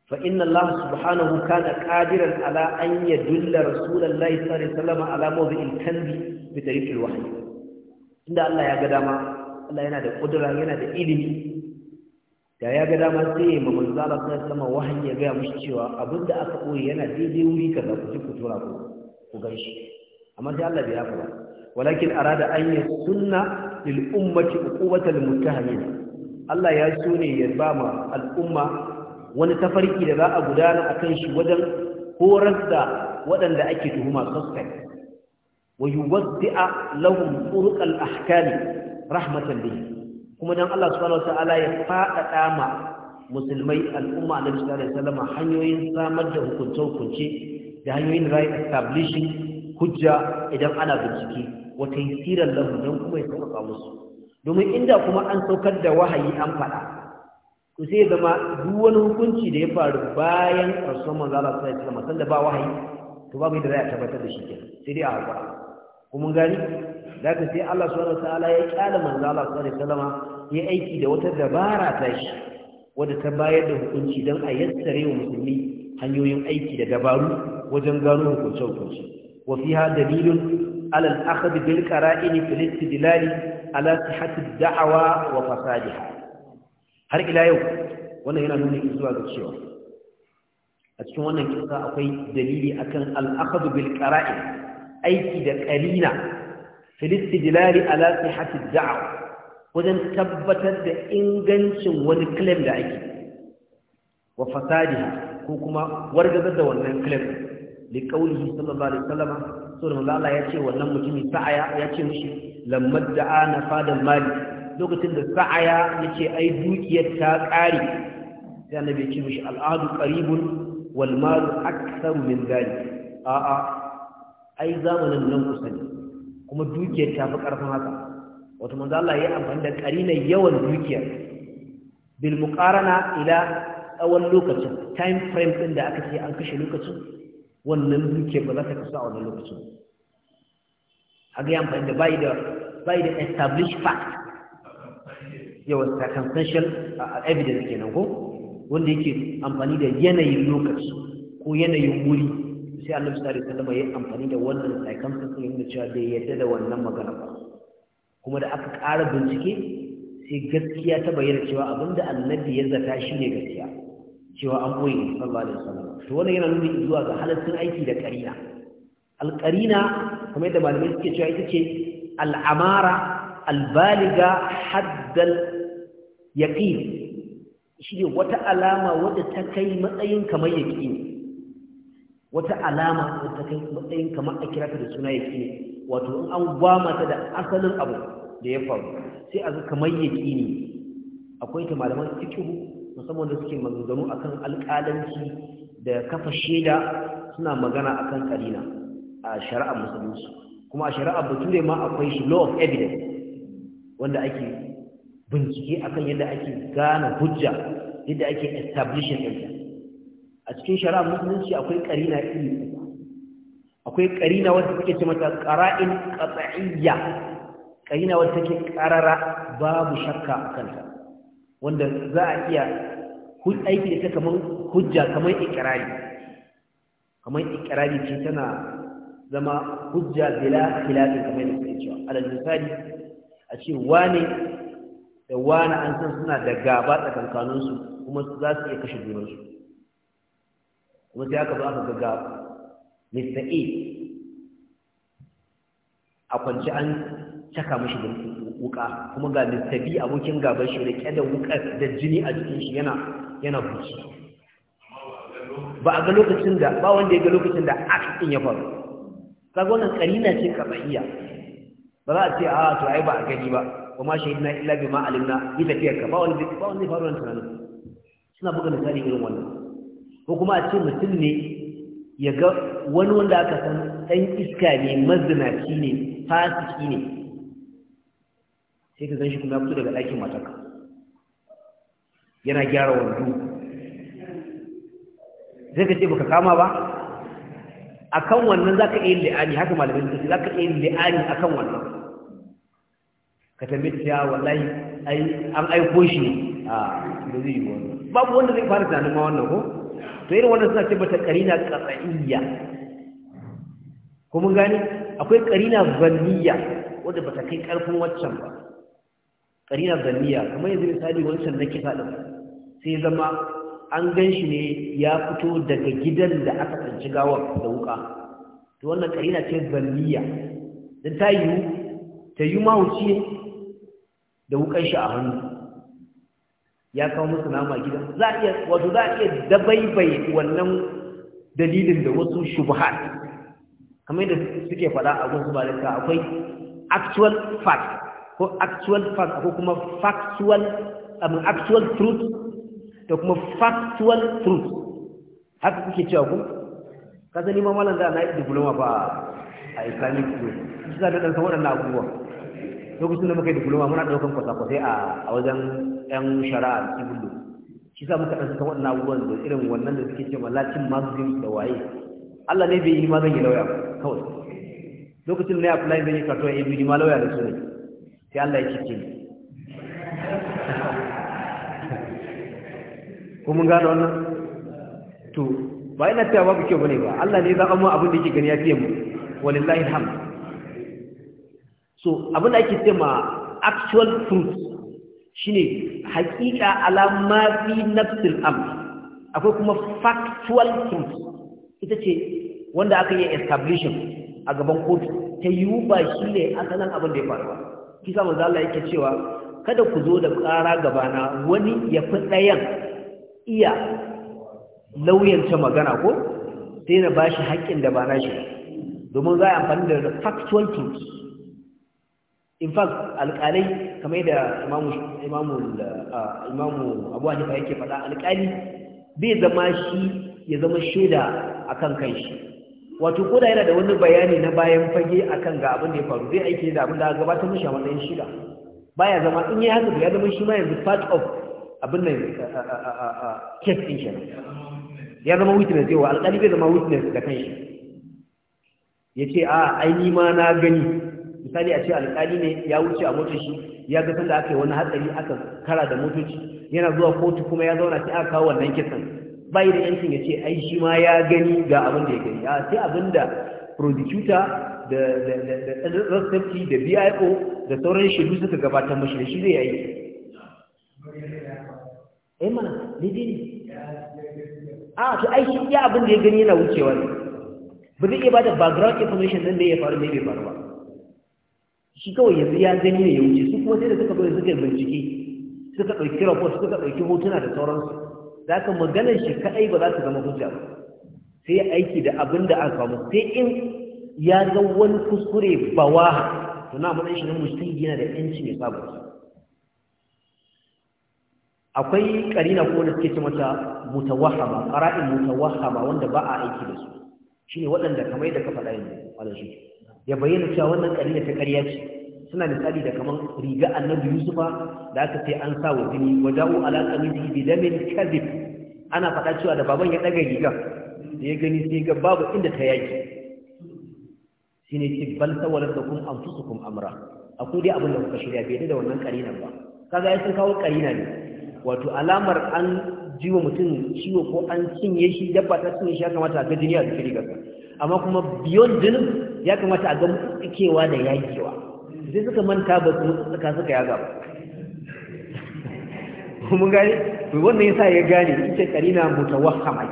fa inna Allah subhanahu kana qadiran ala an yadulla rasulullahi sallallahu alaihi wasallam ala mawdi'il kanzi bi tariqil wahyi inda Allah ya ga dama Allah yana da kudura yana da ilimi da ya ga dama sai ya mamman zala sai sama wahan ya gaya mushi cewa abinda aka koyi yana daidai wuri kaza ku ji ku tura ku ku gan shi amma sai Allah bai haka ba walakin arada an yi sunna lil ummati uqubatal muttahamin Allah ya so ne ya ba ma al'umma wani tafarki da za a gudana akan shi wajen horar da waɗanda ake tuhuma sosai wa yuwaddi'a lahum turuqal ahkami rahmatan bihi kuma dan Allah subhanahu wataala ya faɗaɗa ma musulmai al'umma annabi sallallahu alaihi salama hanyoyin samar da hukunce hukunce da hanyoyin right establishing hujja idan ana bincike wata taysiran lahu dan kuma ya sauka musu domin inda kuma an saukar da wahayi an faɗa to sai zama duk wani hukunci da ya faru bayan rasulun manzo Allah sallallahu alaihi wasallam da ba wahayi to babu yadda za a tabbatar da shi kenan sai dai a hakura kuma gani zaka sai Allah subhanahu ta'ala ya kyale manzo Allah sallallahu alaihi wasallam ya aiki da wata dabara ta shi wadda ta bayar da hukunci don a yassare wa musulmi hanyoyin aiki da dabaru wajen gano hukunce-hukunce wa fiha dalilun alal akhd bil qara'in fil istidlal ala sihhati ad-da'wa wa fasadiha har ila yau wannan yana nuna zuwa ga cewa a cikin wannan kisa akwai dalili akan al-akhd bil qara'in aiki da qarina fil istidlal ala sihhati ad-da'wa wajen tabbatar da ingancin wani claim da ake wa fasadi ko kuma wargazar da wannan claim li qawlihi sallallahu alaihi wasallam saboda manzo Allah ya ce wannan mutumi sa'aya ya ce mishi lammad da'a fadan mali lokacin da sa'aya yace ai dukiyar ta kare sai annabi ya ce mishi al'adu qaribun wal malu aktharu min dhalik a'a ai zamanin nan kusa ne kuma dukiyar ta fi karfin haka wato manzo Allah ya amfani da qarinan yawan dukiya bil muqarana ila tsawon lokacin time frame din da aka ce an kashe lokacin wannan dukiya ba za ta kasu a wannan lokacin haka ya amfani da bai da bai da established fact yawan circumstantial evidence kenan ko wanda yake amfani da yanayin lokaci ko yanayin wuri sai annabi sallallahu alaihi wasallam ya amfani da wannan circumstances din da ya bai yadda da wannan magana ba kuma da aka ƙara bincike sai gaskiya ta bayyana cewa abinda annabi ya zata shi ne gaskiya cewa an boye sallallahu alaihi wasallam to wannan yana nuni zuwa ga halaccin aiki da ƙarina alƙarina kamar yadda malamai suke cewa ita ce al'amara albaliga haddal yaqin shi ne wata alama wadda ta kai matsayin kamar yaqin wata alama wadda ta kai matsayin kamar a kira ta da suna yaqin wato in an ta da asalin abu da ya faru sai a zuka mai yaƙini akwai ta malaman fikihu musamman da suke maganganu akan alƙalanci da kafa shaida suna magana akan karina a shari'ar musulunci kuma a shari'ar bature ma akwai shi law of evidence wanda ake bincike akan yadda ake gane hujja yadda ake establishing ɗinta a cikin shari'ar musulunci akwai karina iri uku akwai karina wadda take ce mata qara'in qat'iyya karina wadda take ƙarara babu shakka kanta wanda za a iya aiki da ta kamar hujja kamar ikrari kamar ikrari ce tana zama hujja bila khilafin kamar yadda suke cewa alal misali a ce wane da wane an san suna da gaba tsakankaninsu kuma za su iya kashe junansu kuma sai aka zo aka ga lissa'i e. a kwanci an caka mashi da wuka kuma ga B abokin gaban shi da kyada wukar da jini a jikin shi yana buci ba a ga lokacin da ba wanda ya ga lokacin da aka ya faru kaga ƙari karina ce iya. ba za a ce a ah, to ai ba a gani ba kuma shahidna illa bima alimna yi tafiyar ka ba wani ba wani faru wannan tunanin suna buga misali irin wannan ko kuma a ce mutum ne ya ga wani wanda aka san ɗan iska ne mazinaci ne fasiki ne sai ka gan shi kuma ya fito daga ɗakin mataka yana gyara wando Sai ka ce baka kama ba akan wannan zaka iya li'ani haka malamin za zaka iya li'ani akan wannan ka tambaye ta wallahi ai an aiko shi ne a da zai yi wannan babu wanda zai fara tunanin ma wannan ko to irin wannan suna ce bata karina qat'iyya kuma gani akwai karina zanniya wadda ba ta kai karfin waccan ba karina zanniya kamar yanzu misali wancan na kisa din sai zama an gan shi ne ya fito daga gidan da aka tsanci gawar da wuka to wannan karina ce zanniya dan ta yi ta yi mahauci da wukan shi a hannu ya kawo musu nama gidan za a iya wato za a iya dabaibai wannan dalilin da wasu shubuhat kamar da suke faɗa a gunsu ba da akwai actual fact ko actual fact ko kuma factual abin um, actual truth da kuma factual truth haka kuke cewa ku ka zani ma malam da na yi diploma ba a islamic school shi za da ɗan san waɗannan abubuwa lokacin da muka yi diploma muna ɗaukan kwasa-kwasai a wajen yan shari'a civil shi sa muka ɗan san waɗannan abubuwan da irin wannan da suke cewa latin masu da waye Allah ne bai yi ma zan yi lauya kawai lokacin na ya apply zan yi karton ya yi ma lauya da su ne sai Allah ya cike ni ko mun gano wannan to ba ina cewa babu kyau bane ba Allah ne za a abin da yake gani ya fiye mu walillahi alhamd so abin da ake cewa actual fruit shine hakika alama fi nafsil am akwai kuma factual truth ita ce wanda aka yi establishing a gaban kotu ta yi ba shi ne asalin abin da ya faru ba kisa manzo Allah yake cewa kada ku zo da ƙara gabana wani ya fi ɗayan iya lauyanta magana ko sai na bashi haƙƙin da ba na shi domin za a amfani da factual truth in fact alƙalai kamar da imamu abuwa ne ba yake faɗa alƙali bai zama shi ya zama shaida a kan kanshi wato ko da yana da wani bayani na bayan fage akan ga abin da ya faru zai aiki da abin da aka gabatar mishi a matsayin shiga baya zama in yi haka ya zama shi ma yanzu part of abin nan case din kenan ya zama witness yawa alƙali bai zama witness da kanshi ya ce a ah, ai ni ma na gani misali a ce alƙali ne ya wuce a motar shi ya ga sanda aka yi wani hatsari aka kara da motoci yana zuwa kotu kuma ya zauna sai aka kawo wannan kisan bai da yancin ya ce ai shi ma ya gani ga abin da ya gani sai abin da prosecutor da da da bio da sauran shiru suka gabatar mashi da shi zai yi ai eh, mana ne dai a to ai shi ya abin da ya gani yana wucewa ne ba zai iya ba da background information din da ya faru ne bai faru ba shi kawai yanzu ya gani ne ya wuce su kuma sai da suka bai suka bincike suka ɗauki rapport suka ɗauki hotuna da sauransu za ka maganar shi kaɗai ba za ta zama hujja ba sai aiki da abin da aka samu sai in ya ga wani kuskure bawa to na matsayin shi na mujtahidi yana da yanci ne sabu akwai karina ko da suke ce mata mutawahama qara'in mutawahama wanda ba a aiki da su shine waɗanda kamar da ka faɗa yanzu ya bayyana cewa wannan karina ta ƙarya ce suna misali da kaman riga annabi yusufa da aka ce an sa wa jini da'u ala qamisihi bi damin kadhib ana faɗa cewa da baban ya daga riga da ya gani sai ga babu inda ta yaki shine ce bal sawalat lakum anfusukum amra akwai dai abin da kuka shirya bai da wannan karinan ba kaga ya sun kawo karina ne wato alamar an jiwa mutum ciwo ko an cinye shi dabba ta cinye shi ya kamata a ga jini a cikin rigarsa amma kuma biyon din ya kamata a ga kewa da yakewa sai suka manta ba su tsaka suka yaga ba mun gani to wannan yasa ya gane ita karina mutawahhama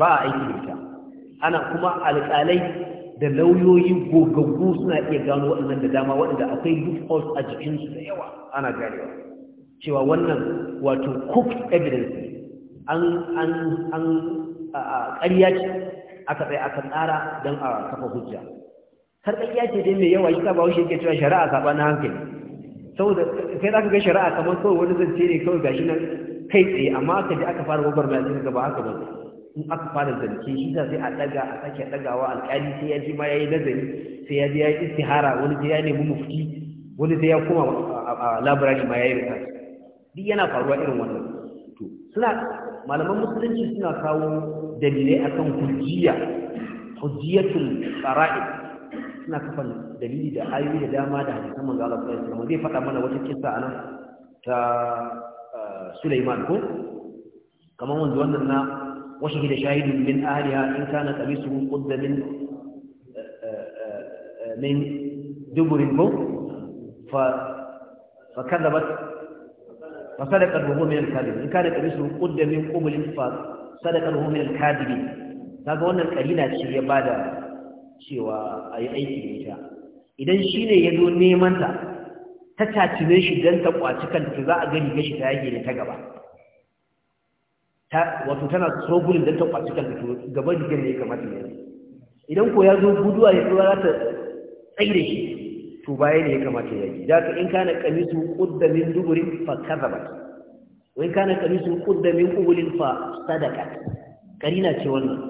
ba a aiki da ita ana kuma alƙalai da lauyoyi gogaggu suna iya gano waɗannan da dama waɗanda akwai loopholes a jikinsu da yawa ana ganewa cewa wannan wato cook evidence an an an ƙarya ce aka tsaye aka tsara don a kafa hujja sarƙaƙiya ce dai mai yawa shi ta ba shi ke cewa shari'a saba na hankali saboda kai za ka ga shari'a kamar kawai wani zance ne kawai gashi nan kai tsaye amma aka ji aka fara gwagwar mai zai gaba haka ba in aka fara zance shi za sai a ɗaga a sake ɗagawa alƙali sai ya ji ma ya yi nazari sai ya ji ya yi istihara wani sai ya nemi mufti wani sai ya koma a labirari ma ya yi rikasi duk yana faruwa irin wannan to suna malaman musulunci suna kawo dalilai akan hujjiya hujjiyatul fara'id suna kafan dalili da ayoyi da dama da hadisan manzo Allah sallallahu alaihi wasallam zai faɗa mana wata kissa anan ta Sulaiman ko kamar wanzu wannan na wasu da shahidun min ahliha in kana qabisuhu qudda min min duburin ko fa fa kadabat fa sadaqat wa huwa min al-kadhib in kana qabisuhu qudda min qubulin fa sadaqat wa huwa min al-kadhib kaga wannan kalila ce ya bada cewa a yi aiki da ita idan shi ne ya zo neman ta ta tatile shi don ta kwaci kanta za a gani gashi ta yage ne ta gaba wato tana sogulin don ta kwaci kanta to gaba gani ne kamata ne idan ko ya zo guduwa ya zuwa za ta tsaye da shi to baya ne ya kamata ya yi zaka in kana kamisu ƙuddamin dubirin fa kadhabat wai in kana kamisu ƙuddamin min fa fa sadaqat karina ce wannan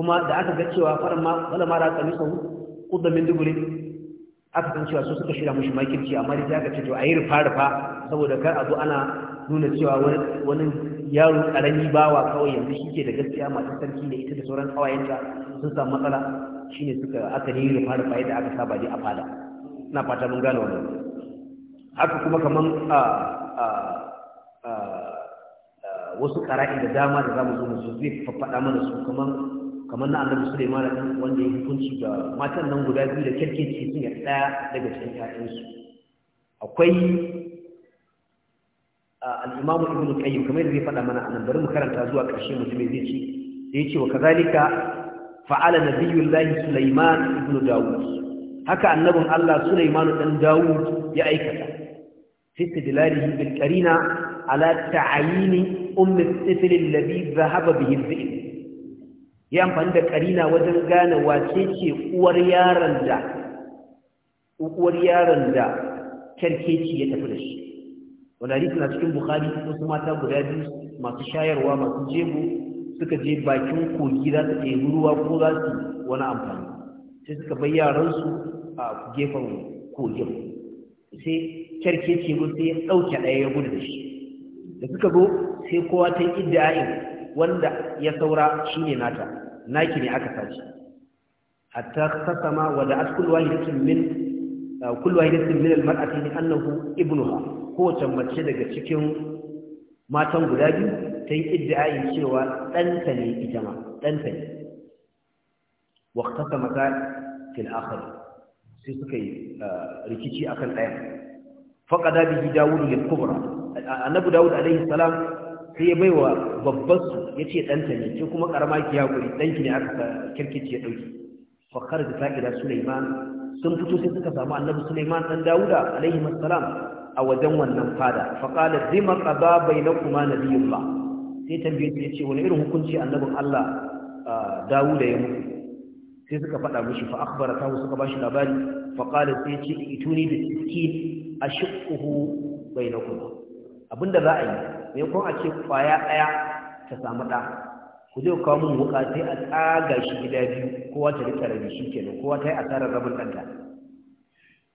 kuma da aka ga cewa farin mara tsami sau ƙudda min dubure aka san cewa su suka shirya mushi makirci amma da aka ce to a yi rufa saboda kar a zo ana nuna cewa wani yaro ƙarami bawa kawai yanzu shi ke da gaskiya masu sarki ne ita da sauran kawayenta sun samu matsala shi ne suka aka yi rufa fa yadda aka saba dai a fada na fata mun gane wannan haka kuma kaman wasu kara'i da dama da zamu mu zo mu zo zai faɗa mana su kamar. kamar na annabi Sulaiman wanda ya hukunci ga matan nan guda biyu da kirkeci sun ya daya daga cikin ƴaƴansu akwai al-Imam Ibn Qayyim kamar da zai faɗa mana anan bari mu karanta zuwa ƙarshe mu ji me zai ce yace wa kazalika fa'ala nabiyullahi Sulaiman ibn Dawud haka annabin Allah Sulaiman dan Dawud ya aikata fi istidlalihi bil karina ala ta'ayini ummi al-tifl alladhi dhahaba bihi al-dhi'b ya amfani da ƙarina wajen gane wace ce uwar yaron da uwar yaron da ya tafi da shi wanda hadisi na cikin bukhari wasu mata guda biyu masu shayarwa masu jego suka je bakin kogi za su ɗaya ruwa ko za su wani amfani sai suka bai yaransu a gefen kogin sai kerkeci ya sai ya ɗauke ɗaya ya gudu da shi da suka zo sai kowa ta yi idda'in wanda ya saura shi ne nata naki ne aka sace hatta khasama wa da askul wahidatin min uh, kullu wahidatin min almar'ati annahu ibnuha kowace mace daga cikin matan guda biyu ta yi iddiayin cewa danta ne ita ma danta ne wa khasama ka fil akhir sai suka yi uh, rikici akan ɗaya faqada bihi dawud lil kubra annabi dawud alaihi salam sai ya baiwa babban su yace danta ne kuma karama ki hakuri danki ne aka kirkice ya dauki Fakar da ta Suleiman sun fito sai suka samu Annabi Sulaiman dan Dawuda alaihi assalam a wajen wannan fada fa qala kuma na biyun nabiyullah sai tambaye su yace wani irin hukunci annabin Allah Dawuda ya mutu sai suka faɗa mushi. fa akbara ta suka ba shi labari fa qala sai yace ituni bi tiskin ashquhu bainakuma abinda za a yi mai kuma a ce kwaya ɗaya ta samu ɗa ku zai kawo min wuka sai a tsaga shi gida biyu kowa ta rika rabi shi kenan kowa ta yi asarar rabin ɗanta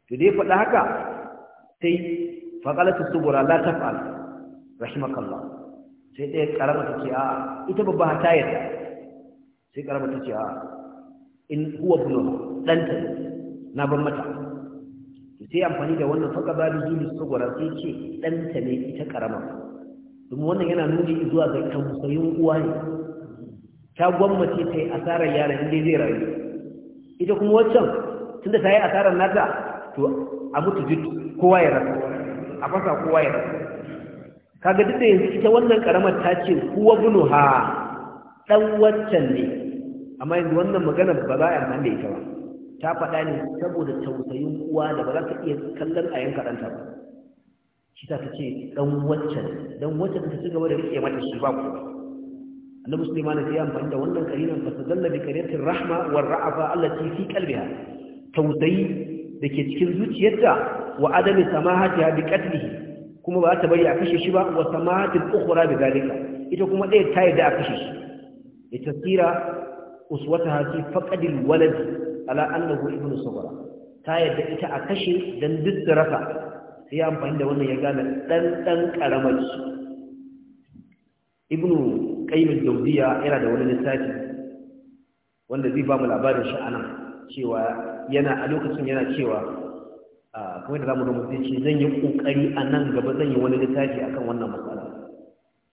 to dai faɗa haka sai ta tsubura la tafal rahimakallah sai ɗaya ƙarama ta ce a'a ita babba ta yarda sai ƙarama ta ce a'a in huwa bulo ɗanta na ban mata sai amfani da wannan faka babu zuri sugura sai ce ɗanta ne ita ƙarama domin wannan yana nuni zuwa ga tausayin uwa ne ta gwammace ta yi asarar yaran inda zai rayu ita kuma waccan tunda ta yi asarar nata to a mutu jitu kowa ya rasa a fasa kowa ya rasa kaga duk da yanzu ita wannan karamar ta ce kuwa gunu ha dan waccan ne amma yanzu wannan magana ba za a yi da ita ba ta faɗa ne saboda tausayin uwa da ba za ta iya kallon a yanka ɗanta ba shi ta ce dan waccan dan waccan ta ci gaba da rike mata shi ba ku annabi ya amfani da wannan karinan fa sadalla bi kariyatir rahma war ra'afa allati fi qalbiha da dake cikin zuciyarta wa adami samahatiha bi qatlihi kuma ba ta bari a kashe shi ba wa samahatil ukhra bi zalika ita kuma ɗaya ta yarda a kashe shi ita tsira uswataha fi faqadil walad ala annahu ibnu sabra ta yadda ita a kashe dan duk rasa sai ya amfani da wannan ya gane ɗanɗan ƙaramar su ibnu ƙaimin daudiya yana da wani lissafi wanda zai ba mu labarin shi nan. cewa yana a lokacin yana cewa kamar da zamu ga mutum ce zan yi ƙoƙari a nan gaba zan yi wani lissafi akan wannan matsala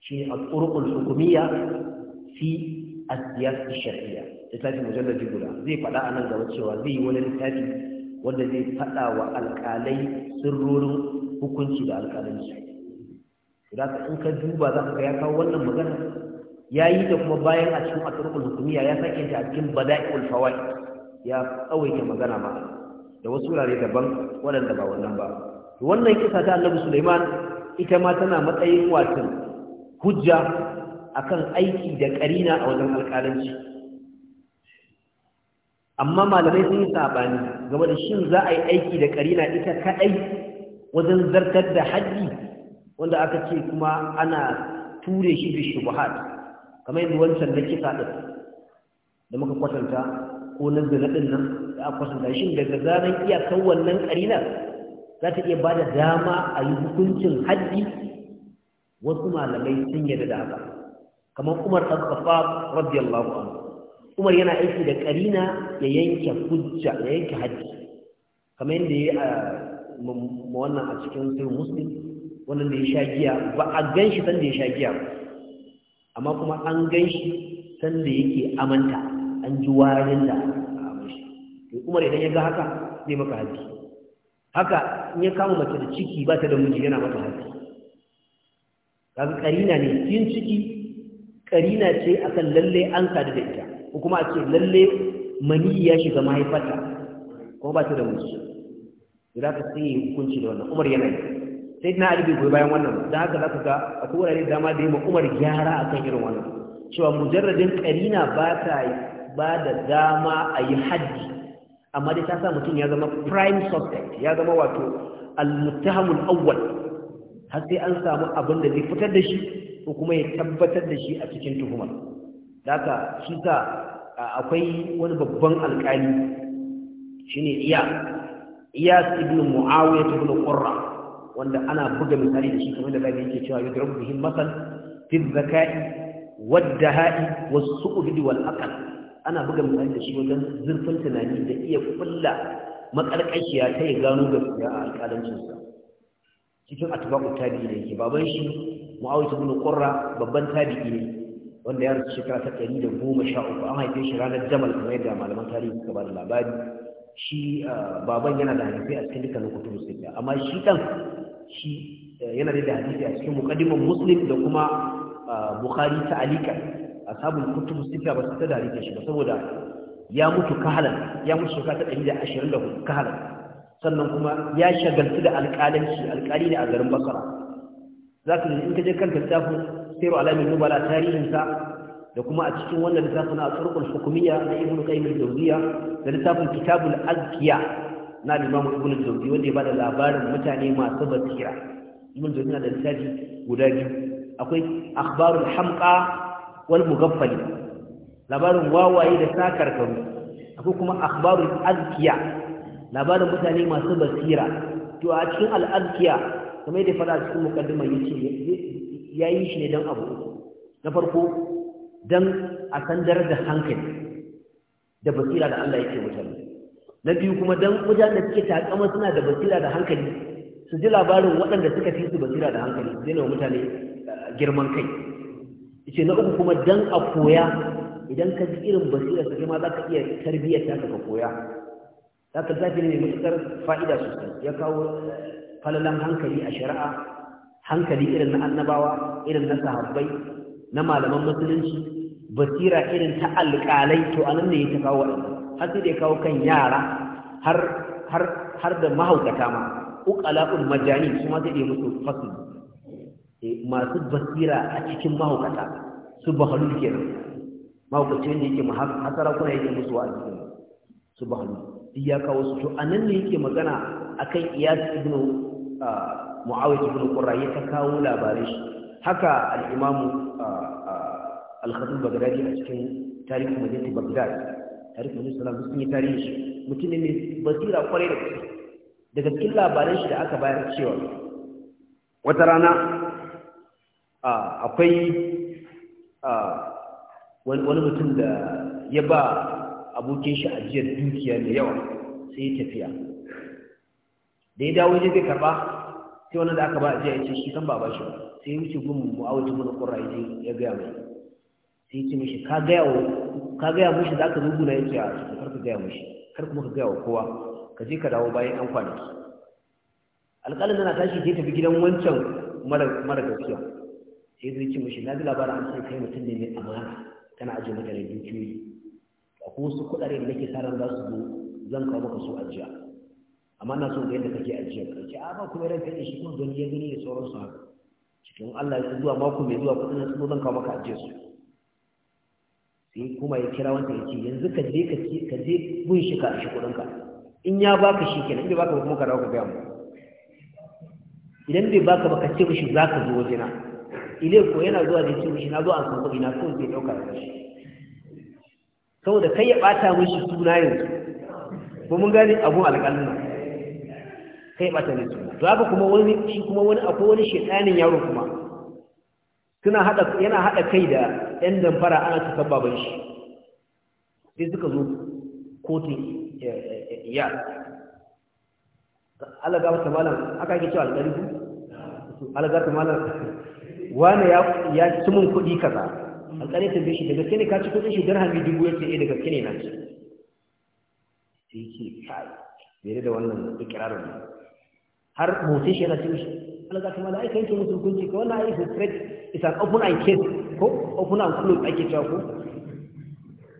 shi a tsurukul hukumiyya fi a siyasar shari'a lissafi mujallar guda zai faɗa a nan gaba cewa zai yi wani littafi wanda zai faɗa wa alƙalai sirrorin hukunci da alƙalanci da ka in ka duba za ka ya kawo wannan magana ya yi da kuma bayan a cikin atarkul hukumiya ya sake ta a cikin bada'iul Ulfawai ya tsawaita magana ma da wasu wurare daban waɗanda ba wannan ba wannan kisa ta annabi Suleiman ita ma tana matsayin wato hujja akan aiki da karina a wajen alƙalanci amma malamai sun yi sabani game da shin za a yi aiki da karina ita kaɗai wajen zartar da haddi wanda aka ce kuma ana ture shi bi shubuhat kamar yadda wancan da kisa din da muka kwatanta ko na zina din nan da aka kwatanta shin daga zaran iyakar wannan karina za ta iya bada dama a yi hukuncin haddi wasu malamai sun yarda da haka kamar Umar ɗan Khattab radiyallahu anhu umar yana aiki da karina ya yanke hujja ya yanke hajji kamar yadda ya a wannan a cikin sai muslim wannan da ya sha giya ba a gan shi san da ya sha giya amma kuma an gan shi san da yake amanta an ji warin da amashi to umar idan ya ga haka zai maka hajji haka in ya kama mace da ciki ba ta da miji yana mata hajji kaga karina ne yin ciki karina ce akan lalle an sadu da ita kuma a ce lalle mani ya shiga mahaifata ko ba ta da wuce za ka sai hukunci da wannan umar yanayi. sai na alibi goyi bayan wannan da haka za ka ga a kowane dama da yi ma umar gyara a kan irin wannan cewa mujarradin karina ba ta ba da dama a yi hajji amma dai ta sa mutum ya zama prime suspect ya zama wato al-muttahamul awwal har sai an samu abin da zai fitar da shi ko kuma ya tabbatar da shi a cikin tuhuma. daga shi ta akwai wani babban alƙali shine iya iya ibn muawiya ibn qurra wanda ana buga misali da shi kamar da zabi yake cewa yudrabu bihi masal fi zakai waddaha'i was-su'ud wal aql ana buga misali da shi wajen zurfin tunani da iya kulla makarkashiya ta ya gano gaskiya a alƙalancinsa cikin atba'u tabi'i da yake baban shi muawiya ibn qurra babban tabi'i ne wanda ya rasu shekara ta ɗari da goma sha uku an haife shi ranar jamal kamar yadda malaman tarihi suka ba da labari shi ah, baban yana da hadisi a cikin dukkanin kutubu sita amma shi kan shi eh, yana da hadisi a cikin muqaddimar muslim da kuma ah, bukhari ta alika sabon kutubu sita ba su ta da hadisi shi ba saboda ya mutu kahalan ya mutu shekara ta ɗari da ashirin da hudu kahalan sannan kuma ya shagaltu da alƙalanci alƙali ne a garin basara za ka in ka je kan littafin siru alamin nubala tarihinsa da kuma a cikin wannan littafin a turkul hukumiyya na ibn qayyim al-jawziyya da littafin kitabul azkiya na imam ibn al-jawzi wanda ya bada labarin mutane masu basira ibn al na da littafi guda biyu akwai akhbarul hamqa wal mughaffali labarin wawaye da sakarkaru akwai kuma akhbarul azkiya labarin mutane masu basira to a cikin al-azkiya kamar yadda fara cikin mukaddima yace ya yi shi ne don abu na farko don a sandar da hankali da basira da Allah yake mutane na biyu kuma don mutane da suke takama suna da basira da hankali su ji labarin waɗanda suka fi su basira da hankali su daina wa mutane eh, girman kai ce na uku kuma don a koya idan ka ji irin basira su ma za ka iya tarbiyyar ta ka koya za ka zafi ne mai matuƙar fa'ida sosai ya kawo eh, falalan hankali a shari'a hankali irin na annabawa irin na sahabbai na malaman musulunci basira irin ta alƙalai to a nan ne ya ta kawo waɗanda har sai da ya kawo kan yara har har har da mahaukata ma uqala'ul majani kuma sai da musu fasu eh, masu basira a cikin mahaukata su bahalul kenan mahaukacin da yake hasara kuna yake musu wa'azi su bahalul ya kawo su to a nan ne yake magana akan iyas ibnu ah, mu'awiyah ibn qurra ta kawo labarai shi haka al-imam ah, ah, al-khatib bagdadi a cikin tarihi madinati bagdad tarihin madinati salam sun yi tarihi shi mutum ne mai basira kwarai da gaske daga cikin labaran shi da aka bayar cewa wata rana ah, akwai wani mutum da ya ba abokin shi ajiyar dukiya mai yawa sai ya tafiya da ya dawo ya zai karba sai wannan da aka ba ajiya ya ce shi kan ba ba shi sai ya wuce gun mu'awacin mana ƙurra ya ya gaya mai sai ya ce mishi ka gaya wa ka gaya mishi da aka zuguna ya ce a kar ka gaya mishi kar kuma ka gaya wa kowa ka je ka dawo bayan ɗan kwanaki alƙalin yana tashi sai tafi gidan wancan mara gaskiya sai zai ce mishi na ji labarin an sai kai mutum ne mai amana kana ajiye mutane dukiyoyi akwai wasu kuɗaɗe da nake sa ran za su zo zan kawo maka su ajiya amma na so ga yadda kake ajiyar kai a ah, ba kuma ranka da shi kuma gani ya gani da su haka cikin Allah ya zuwa mako mai zuwa kudin su zan kawo maka ajiyar su sai kuma ya kira wanda ya ce yanzu ka je ka ce ka je gun shi ka shi kudin ka in ya baka shi kenan bai baka kuma ka dawo ka ga mu idan bai baka ba ka ce mishi za ka zo wajena ile ko yana zuwa da ce mishi na zo an san kuɗi na so zai ɗauka da shi saboda kai ya ɓata mishi suna yanzu ko mun gane abun alƙalin nan kai mata ne suna to haka kuma wani shi kuma wani akwai wani shaytanin yaro kuma suna hada yana hada kai da ɗan damfara ana tuka baban shi sai suka zo kotun eh, eh, eh, ya Allah ga mata malam aka ke cewa alƙari Allah ga malam wani ya ya ci mun kuɗi kaza alƙari ta bishi daga kene ka ci kuɗin shi dirhami dubu yake da daga kene na ci sai ke kai bai da wannan ikirarin har motsin shi yana cikin shi Allah zaka mala'ika yake musu hukunci ko wannan ayi secret is an open eye case ko open and close ake cewa ko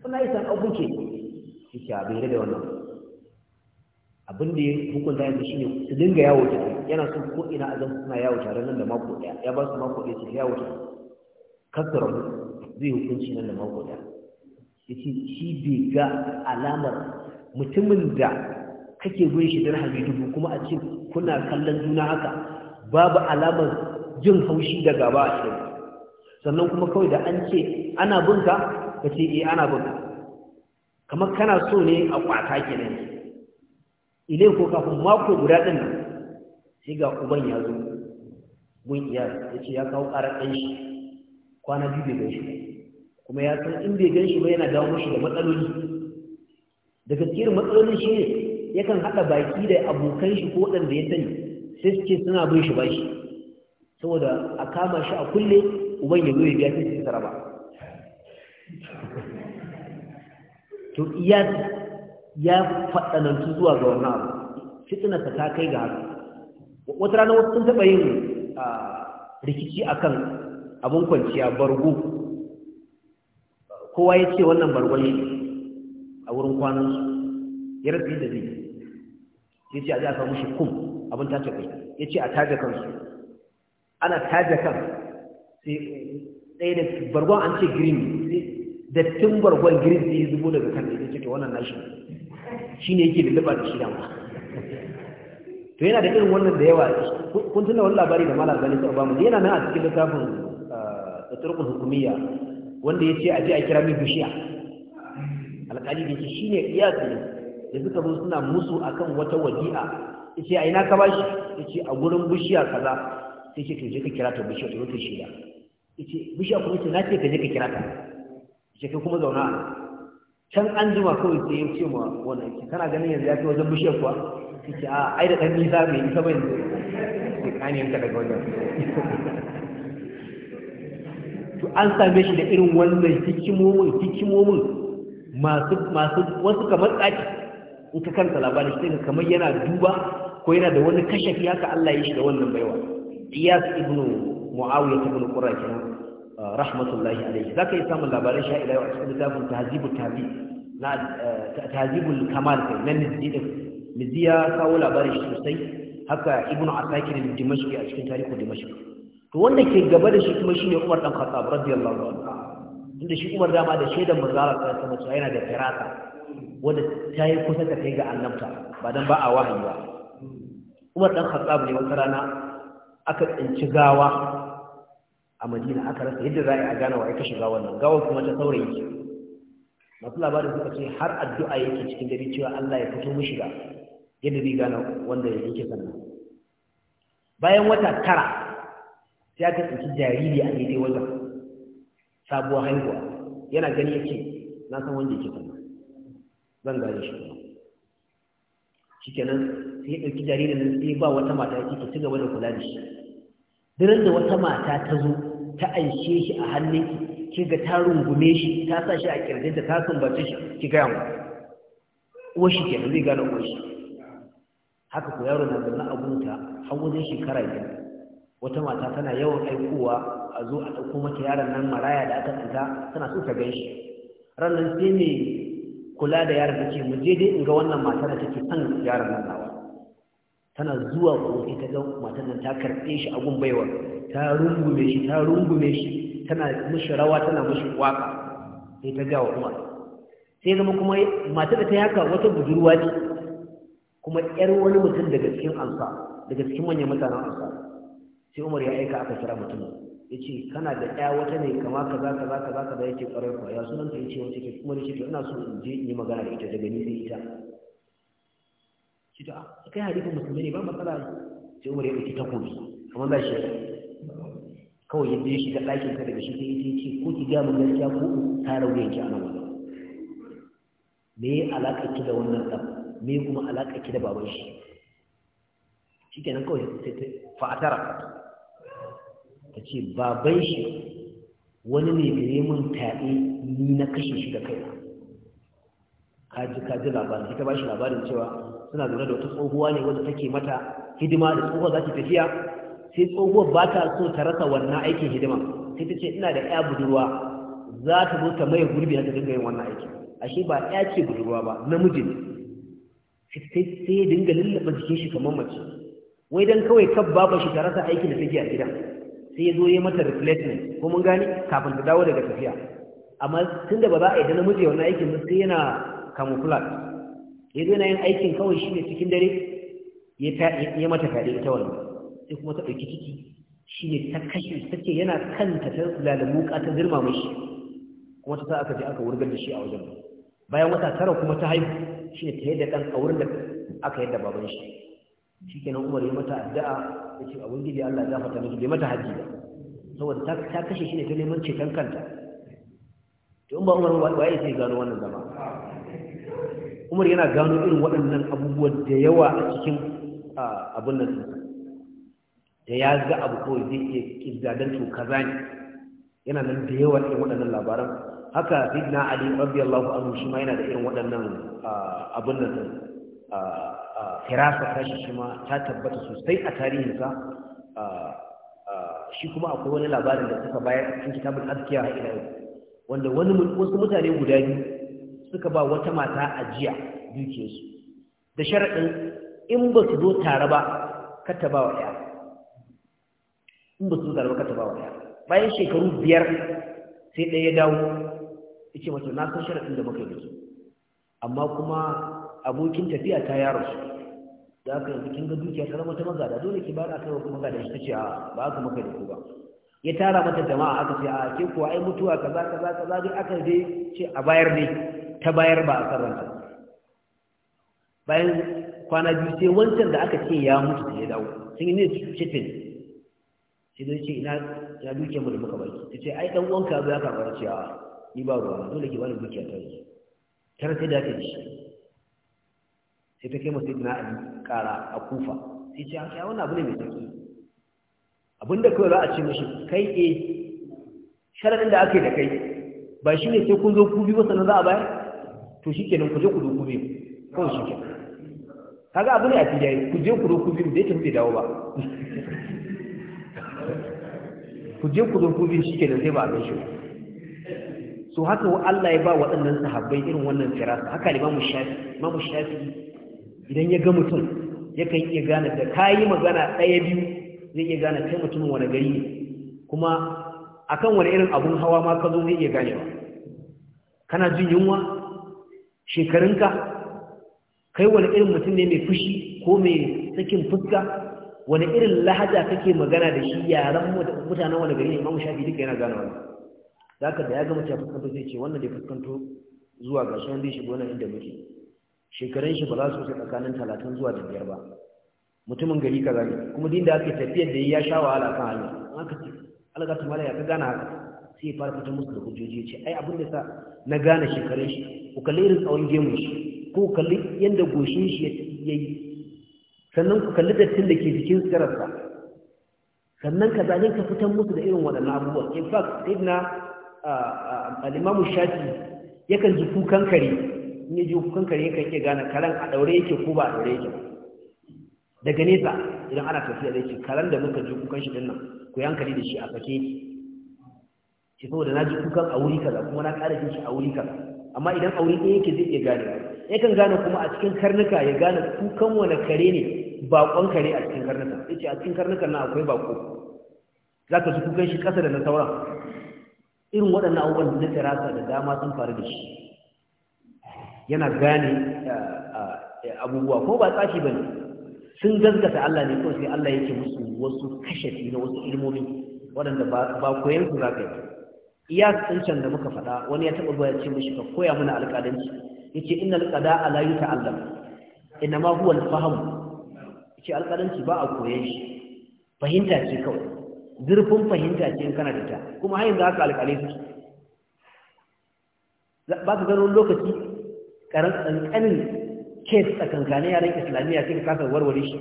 wannan is an open case shi ya bai da wannan abin da ya hukunta yanzu shine su dinga yawo tare yana son ko ina azan suna yawo tare nan da mako daya ya ba su mako daya su yawo tare kasara zai hukunci nan da mako daya yace shi bai ga alamar mutumin da kake gun shi dirhami dubu kuma a ce kuna kallon juna haka babu alamar jin haushi da gaba a cikin sannan kuma kawai da an ce ana bunka ka ce eh ana bunka kamar kana so ne a kwata kenan ile ko kafin mako guda din nan sai ga uban ya zo mun iya ya ce ya kawo ƙara ɗan shi kwana biyu bai ganshi. shi kuma ya san in bai gan shi ba yana dawo mashi da matsaloli daga tsirin matsalolin shi ne yakan haɗa baki da abokan shi ko waɗanda ya sani sai suke suna bin shi bashi saboda a kama shi a kulle uban ya zo ya biya sai su saraba to iya ya faɗanantu zuwa ga wannan abu fitina ta ta kai ga haka wata rana wasu sun taɓa yin rikici akan abin kwanciya bargo kowa ya ce wannan bargo ne a wurin kwanansu ya rasu da zai ya ce a zafa mushi kum abin tace kai ya ce a taje kansu ana taje kan sai ɗaya da bargon an ce green sai dattin bargon green sai ya zubo daga kan ya ce to wannan nashi shi ne yake da da shi dama to yana da irin wannan da yawa kun tuna wani labari da malam gani ba mu yana nan a cikin littafin da eh, turkun hukumiyya wanda ya ce a je a kira min bishiya alƙali da shi ne iyasi ne da suka zo suna musu akan wata wadi'a ce a ina ka bashi ce a gurin bishiya kaza sai ce to je ka kira ta bishiya ta zo shida Ya ce bishiya kuma ce na ce ka je ka kira ta ce kai kuma zauna can an jima kawai sai ya ce ma wannan ki kana ganin yanzu ya fi wajen bishiyar kuwa Ya ce a ai da ɗan nisa bai nisa ba yanzu sai kane yanka daga wajen to an same shi da irin wannan hikimomin hikimomin masu masu wasu kamar tsaki in ka kanta labari sai ka kamar yana duba ko yana da wani kashafi haka Allah ya shiga wannan baiwa Iyas ibn Muawiya ibn Qurra kenan uh, rahmatullahi alayhi zaka yi samun labaran sha'ira a cikin littafin Tahzibut Tabi na uh, Tahzibul Kamal kai nan Nizdi Nizdi ya kawo labarin shi sosai haka Ibn Asakir al-Dimashqi a cikin tarihi Dimashq to wanda ke gaba da shi kuma shine Umar dan Khattab radiyallahu anhu inda shi Umar dama da shaidan manzara sallallahu alaihi wasallam yana da firasa wadda ta yi kusa ta kai ga annabta ba don ba a wahayi ba umar ɗan khattab ne wata rana aka tsinci gawa a madina aka rasa yadda za a gane wa aka shiga wannan, gawa kuma ta saurayi masu labarin suka ce har addu'a yake cikin dare cewa Allah ya fito mishi ga yadda zai gane wanda ya yake sannan bayan wata tara sai aka tsinci jariri a daidai wajen sabuwar haihuwa yana gani yake na san wanda yake sannan Zan gane shi ba shikenan sai ya ɗauki jaririn nan sai ba wata mata ya ke ci gaba da kula da shi duran da wata mata ta zo ta aishe shi a hannunki ki ga ta rungume shi ta sa shi a da ta sumbace shi ki gaya mu uwar shi kenan zai gane uwar shi haka ko yaro na zaune a har wajen shekara biyar wata mata tana yawan aikowa a zo a ɗauko mata yaron nan maraya da aka tsita tana so ta gan shi nan sai me. kula da yaron da ce mu je dai in ga wannan matar da take san yaron nan nawa tana zuwa kofi ta ga matar nan ta karɓe shi a gun baiwa ta rungume shi ta rungume shi tana mishi rawa tana mishi waka sai ta ga wa sai zama kuma matar da ta haka wata budurwa ne? kuma yar wani mutum daga cikin ansa daga cikin manyan mutanen ansa sai umar ya aika aka kira mutumin yace kana da ɗaya wata ne kama za ka-za ka yake ka kwa ya sunan ta yace ce ke kuma yace to ina so in je in yi magana da ita daga ni sai ita shi ta ah, kai hadisin musulmi ne ba matsala sai umar ya ɗauki takobi kamar ba shi kawai yadda ya shiga ɗakin ka daga shi sai ya ce, ko ki gaya mun gaskiya ko ta rauni ki a nan wajen me alaƙa ki da wannan ɗan me kuma alaƙa ki da baban shi shikenan kawai sai ta fa'atara ta ce baban shi wani ne da ya mun taɓe ni na kashe shi da kaina kaji kaji labarin ita ba shi labarin cewa suna zaune da wata tsohuwa ne wanda take mata hidima da tsohuwa za ta tafiya sai tsohuwar ba ta so ta rasa wannan aikin hidima sai ta ce ina da ya budurwa za ta zo ta maye gurbi na ta dinga yin wannan aikin ashe ba ya ce budurwa ba namiji ne sai ya dinga lullaba jikin shi kamar mace wai dan kawai kan baba shi ta rasa aikin da take a gidan sai ya zo ya mata replacement ko mun gani kafin ta dawo daga tafiya amma tun da ba za a yi da namiji wannan aikin ba sai yana camouflage ya zo yana yin aikin kawai shi ne cikin dare ya mata fyaɗe ita wani sai kuma ta ɗauki ciki shi ne ta kashe ta yana kanta ta lalamu ta zirma mashi kuma ta sa aka je aka wurgar da shi a wajen bayan wata tara kuma ta haihu shi ne ta yadda ɗan a wurin da aka yadda baban shi shi kenan umar ya mata addu'a ya ce abin Allah ya fata miki bai mata haji ba saboda ta kashe shi ne ta neman ceton kanta to in ba umar ba, waye sai gano wannan zama umar yana gano irin waɗannan abubuwan da yawa a cikin abin nan da ya ga abu kawai zai iya kirzadan to kaza ne yana nan da yawa irin waɗannan labaran haka sidna ali radiyallahu anhu shi ma yana da irin waɗannan abin nan firasa tashi shi ma ta tabbata sosai a tarihinsa shi kuma akwai wani labarin da suka bayar cikin kitabul azkiya a ila wanda wani wasu mutane guda biyu suka ba wata mata ajiya dukiyarsu da sharaɗin in ba su zo tare ba kata ba wa ɗaya in ba su zo tare ba kata ba wa ɗaya bayan shekaru biyar sai ɗaya ya dawo ya ce mace na san sharaɗin da muka yi da su amma kuma abokin tafiya ta yaro su da aka yanzu kin ga dukiya ta zama ta magada dole ki bada kai kuma magada shi tace a ba ka maka da ku ba ya tara mata jama'a aka ce a ke kuwa ai mutuwa kaza kaza kaza dai aka dai ce a bayar ne ta bayar ba a karanta bayan kwana biyu sai wancan da aka ce ya mutu sai ya dawo sun yi ne cikin sai zai ce ina ya duke mu da muka baki ta ce ai dan uwanka ya karɓar ciyawa ni ba ruwa dole ki bani dukiya ta yi. tare sai da ta ji. sai ta kai masu idina kara a kufa sai ce haka yawon abu ne mai tsaki abinda kawai za a ce mashi kai e sharaɗin da aka yi da kai ba shi ne sai kun zo kubi ba wasannan za a bayar to shi kenan ku je ku zo kubi biyu kawai shi kenan kaga abu ne a fili ku je ku zo kubi da yake tafi dawo ba ku je ku zo kubi biyu shi kenan sai ba a gan shi so haka Allah ya ba waɗannan sahabbai irin wannan firasa haka limamu shafi imamu shafi idan ya ga mutum ya yakan iya gane da yi magana ɗaya biyu zai iya gane kai mutumin wani gari ne kuma kan wani irin abun hawa ma ka zo zai iya ganewa kana jin yunwa shekarunka kai wani irin mutum ne mai fushi ko mai sakin fuska wani irin lahaja kake magana da shi yaran mutanen wani gari ne imamu shafi duka yana gane wani za ka da ya gama cewa fuskanto zai ce wannan da fuskanto zuwa ga shi wanda ya shigo wannan inda muke shekarun shi ba za su kusa tsakanin talatin zuwa da biyar ba mutumin gari kaza ne kuma din da ake tafiyar da ya sha wahala kan hanya an aka ce alaga ta malaya ka gana haka sai ya fara fita musu da hujjoji ya ce ai abin da sa na gane shekarun shi ku kalli irin tsawon gemu shi ko kalli yadda goshin shi ya yi sannan ku kalli dattin da ke jikin sirarsa sannan ka zane ka fitan musu da irin waɗannan abubuwa. in fact sai na ah, ah, al'imamu shafi yakan ji kukan kare in ya ji kukan kare kan iya gane karen a daure yake ko ba a daure yake daga nesa idan ana tafiya da yake karen da muka ji kukan shi dinnan, ku yi hankali da shi a sake shi saboda na ji kukan a wuri kaza kuma na ƙara jin shi a wuri kaza amma idan a wuri ɗaya yake zai iya gane yakan gane kuma a cikin karnuka ya gane kukan wani kare ne baƙon kare a cikin karnuka ya ce a cikin karnuka nan akwai baƙo za ka ji kukan shi ƙasa da na sauran irin waɗannan abubuwan da na tarasa da dama sun faru da shi yana gane eh, eh, abubuwa ko ba tsafi ne? sun gaskata Allah ne ko sai Allah yake musu wasu kashafi na wasu ilmomi waɗanda ba koyan su ka yi iya tsincan da muka faɗa wani ya taɓa zuwa ya ce mashi ka koya mana alƙalanci a layu ta Allah ina ma huwa al Ya ce alƙalanci ba a koyan shi fahimta ce kawai zurfin fahimta ce in kana da ta kuma har za haka alƙalai su ba ka gano lokaci karan kankanin kes tsakankanin yaran islamiyya sai ka kasa warware shi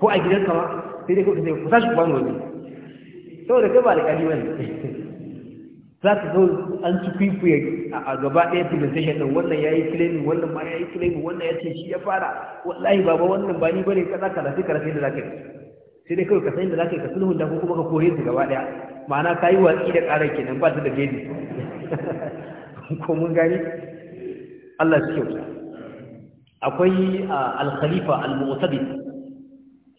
ko a gidan kama sai dai kuka sai ku sashi ban wani saboda kai ba alƙali wani. za ka zo an ci kwikwiye a gaba ɗaya presentation ɗin wannan ya yi claiming wannan ma ya yi claiming wannan ya ce shi ya fara wallahi baba wannan ba ni bane kaza kaza sai karfe da za yi sai dai kawai ka san da za ka yi ka sulhun da ko kuma ka kore su gaba ɗaya ma'ana ka yi watsi da ƙarar kenan ba ta da gani ko mun gani Allah shi kyauta akwai al-khalifa al-mu'tadid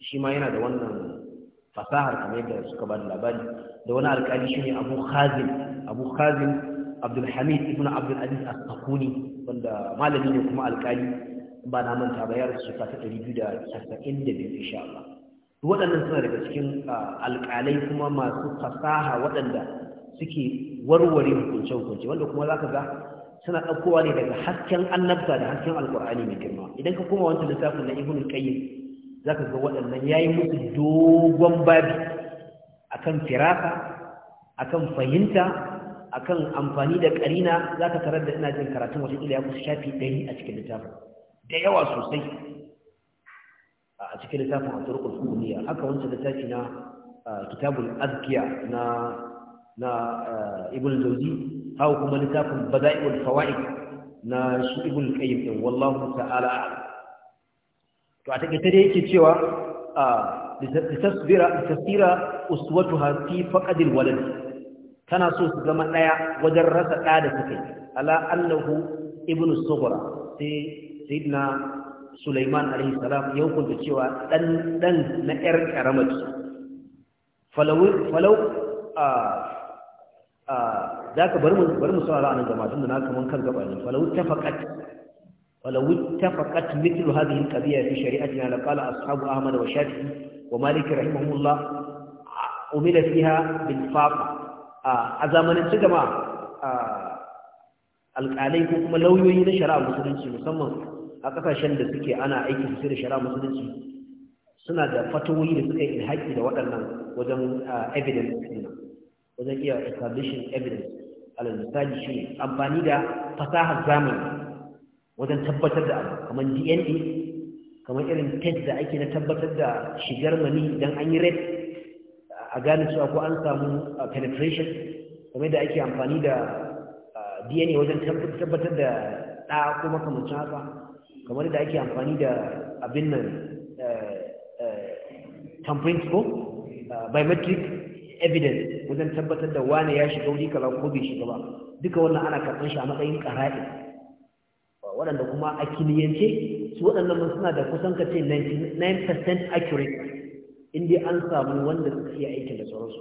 shi ma yana da wannan fasahar kamar yadda suka ba da labari da wani alƙali shi ne Abu Khazim Abu Khazim Abdul Hamid ibn Abdul Aziz As-Sakuni wanda malami ne kuma alƙali ba na manta ba ya rasu ta 292 insha Allah waɗannan suna daga cikin alƙalai kuma masu fasaha waɗanda suke warware hukunce-hukunce wanda kuma za ka ga suna ɗaukowa ne daga hasken annabta da hasken alƙur'ani mai girma idan ka koma wancan littafin na ibn qayyim zaka ga waɗannan yayi musu dogon babi akan firaka akan fahimta akan amfani da karina zaka tarar da ina jin karatun wata ya kusa shafi 100 a cikin littafin da yawa sosai a cikin littafin al-turqul sunniya haka wancan littafi na ah, kitabul azkiya na na ah, ibn jawzi haka kuma littafin bada'iul fawaid na shi qayyim din wallahu ta'ala to a take dai yake cewa litasbira tasira uswatuha fi faqadil walad tana so su zama daya wajen rasa da da suke ala annahu ibn sughra sai sayyidina Sulaiman Alayhi salam ya hukunta cewa dan dan na yar karamar falau falau a a da ka bari mu bari mu saurara anan jama'a na kaman kan gaba ne falau tafaqat mitin tafaqat mithlu hadhihi al-qadiya fi shari'atina la qala ashabu ahmad wa shafi'i wa malik rahimahumullah umila fiha bin Fafa. a zamanin ci jama'a alƙalai ko kuma lauyoyi na shari'a musulunci musamman a ƙasashen da suke ana aiki su da shari'a musulunci suna da fatawoyi da suka yi ilhaki da waɗannan wajen evidence wajen iya establishing evidence alal misali shi amfani da fasahar zamani wajen tabbatar da abu kamar dna kamar irin test da ake na tabbatar da shigar mani idan an yi red a gane cewa ko an samu uh, penetration kamar da ake amfani da uh, dna wajen tabbatar da ɗa ko makamancin haka kamar da ake amfani da abin nan uh, tampering ko biometric evidence wajen tabbatar da wane ya shiga wuri kaza ko bai shiga ba duka wannan ana karɓar shi a matsayin ƙara'i waɗanda kuma a kiliyance su waɗannan mun suna da kusan kace 99% accurate in dai an samu wanda suka iya aikin da sauransu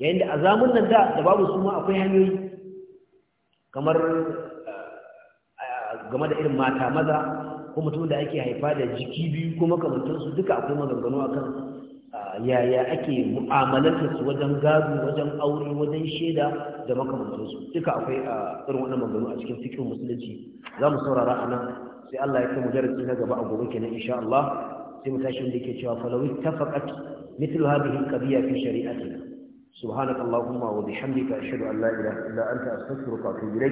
yayin da a zamun nan da da babu su ma akwai hanyoyi kamar eh, game da irin mata maza ko mutum da ake haifa da jiki biyu ko makamantansu duka akwai maganganu akan yaya ake mu'amalarsu wajen gado wajen aure wajen shaida da makamantarsu duka akwai a irin wannan maganganu a cikin fikin musulunci za mu saurara a nan sai Allah ya kai mu darasi na gaba a gobe kenan insha Allah sai mu tashi da ke cewa falawi tafaqat mithlu hadhihi al-qadiyya fi shari'atina subhanakallahumma wa bihamdika ashhadu an la ilaha illa anta astaghfiruka wa atubu ilayk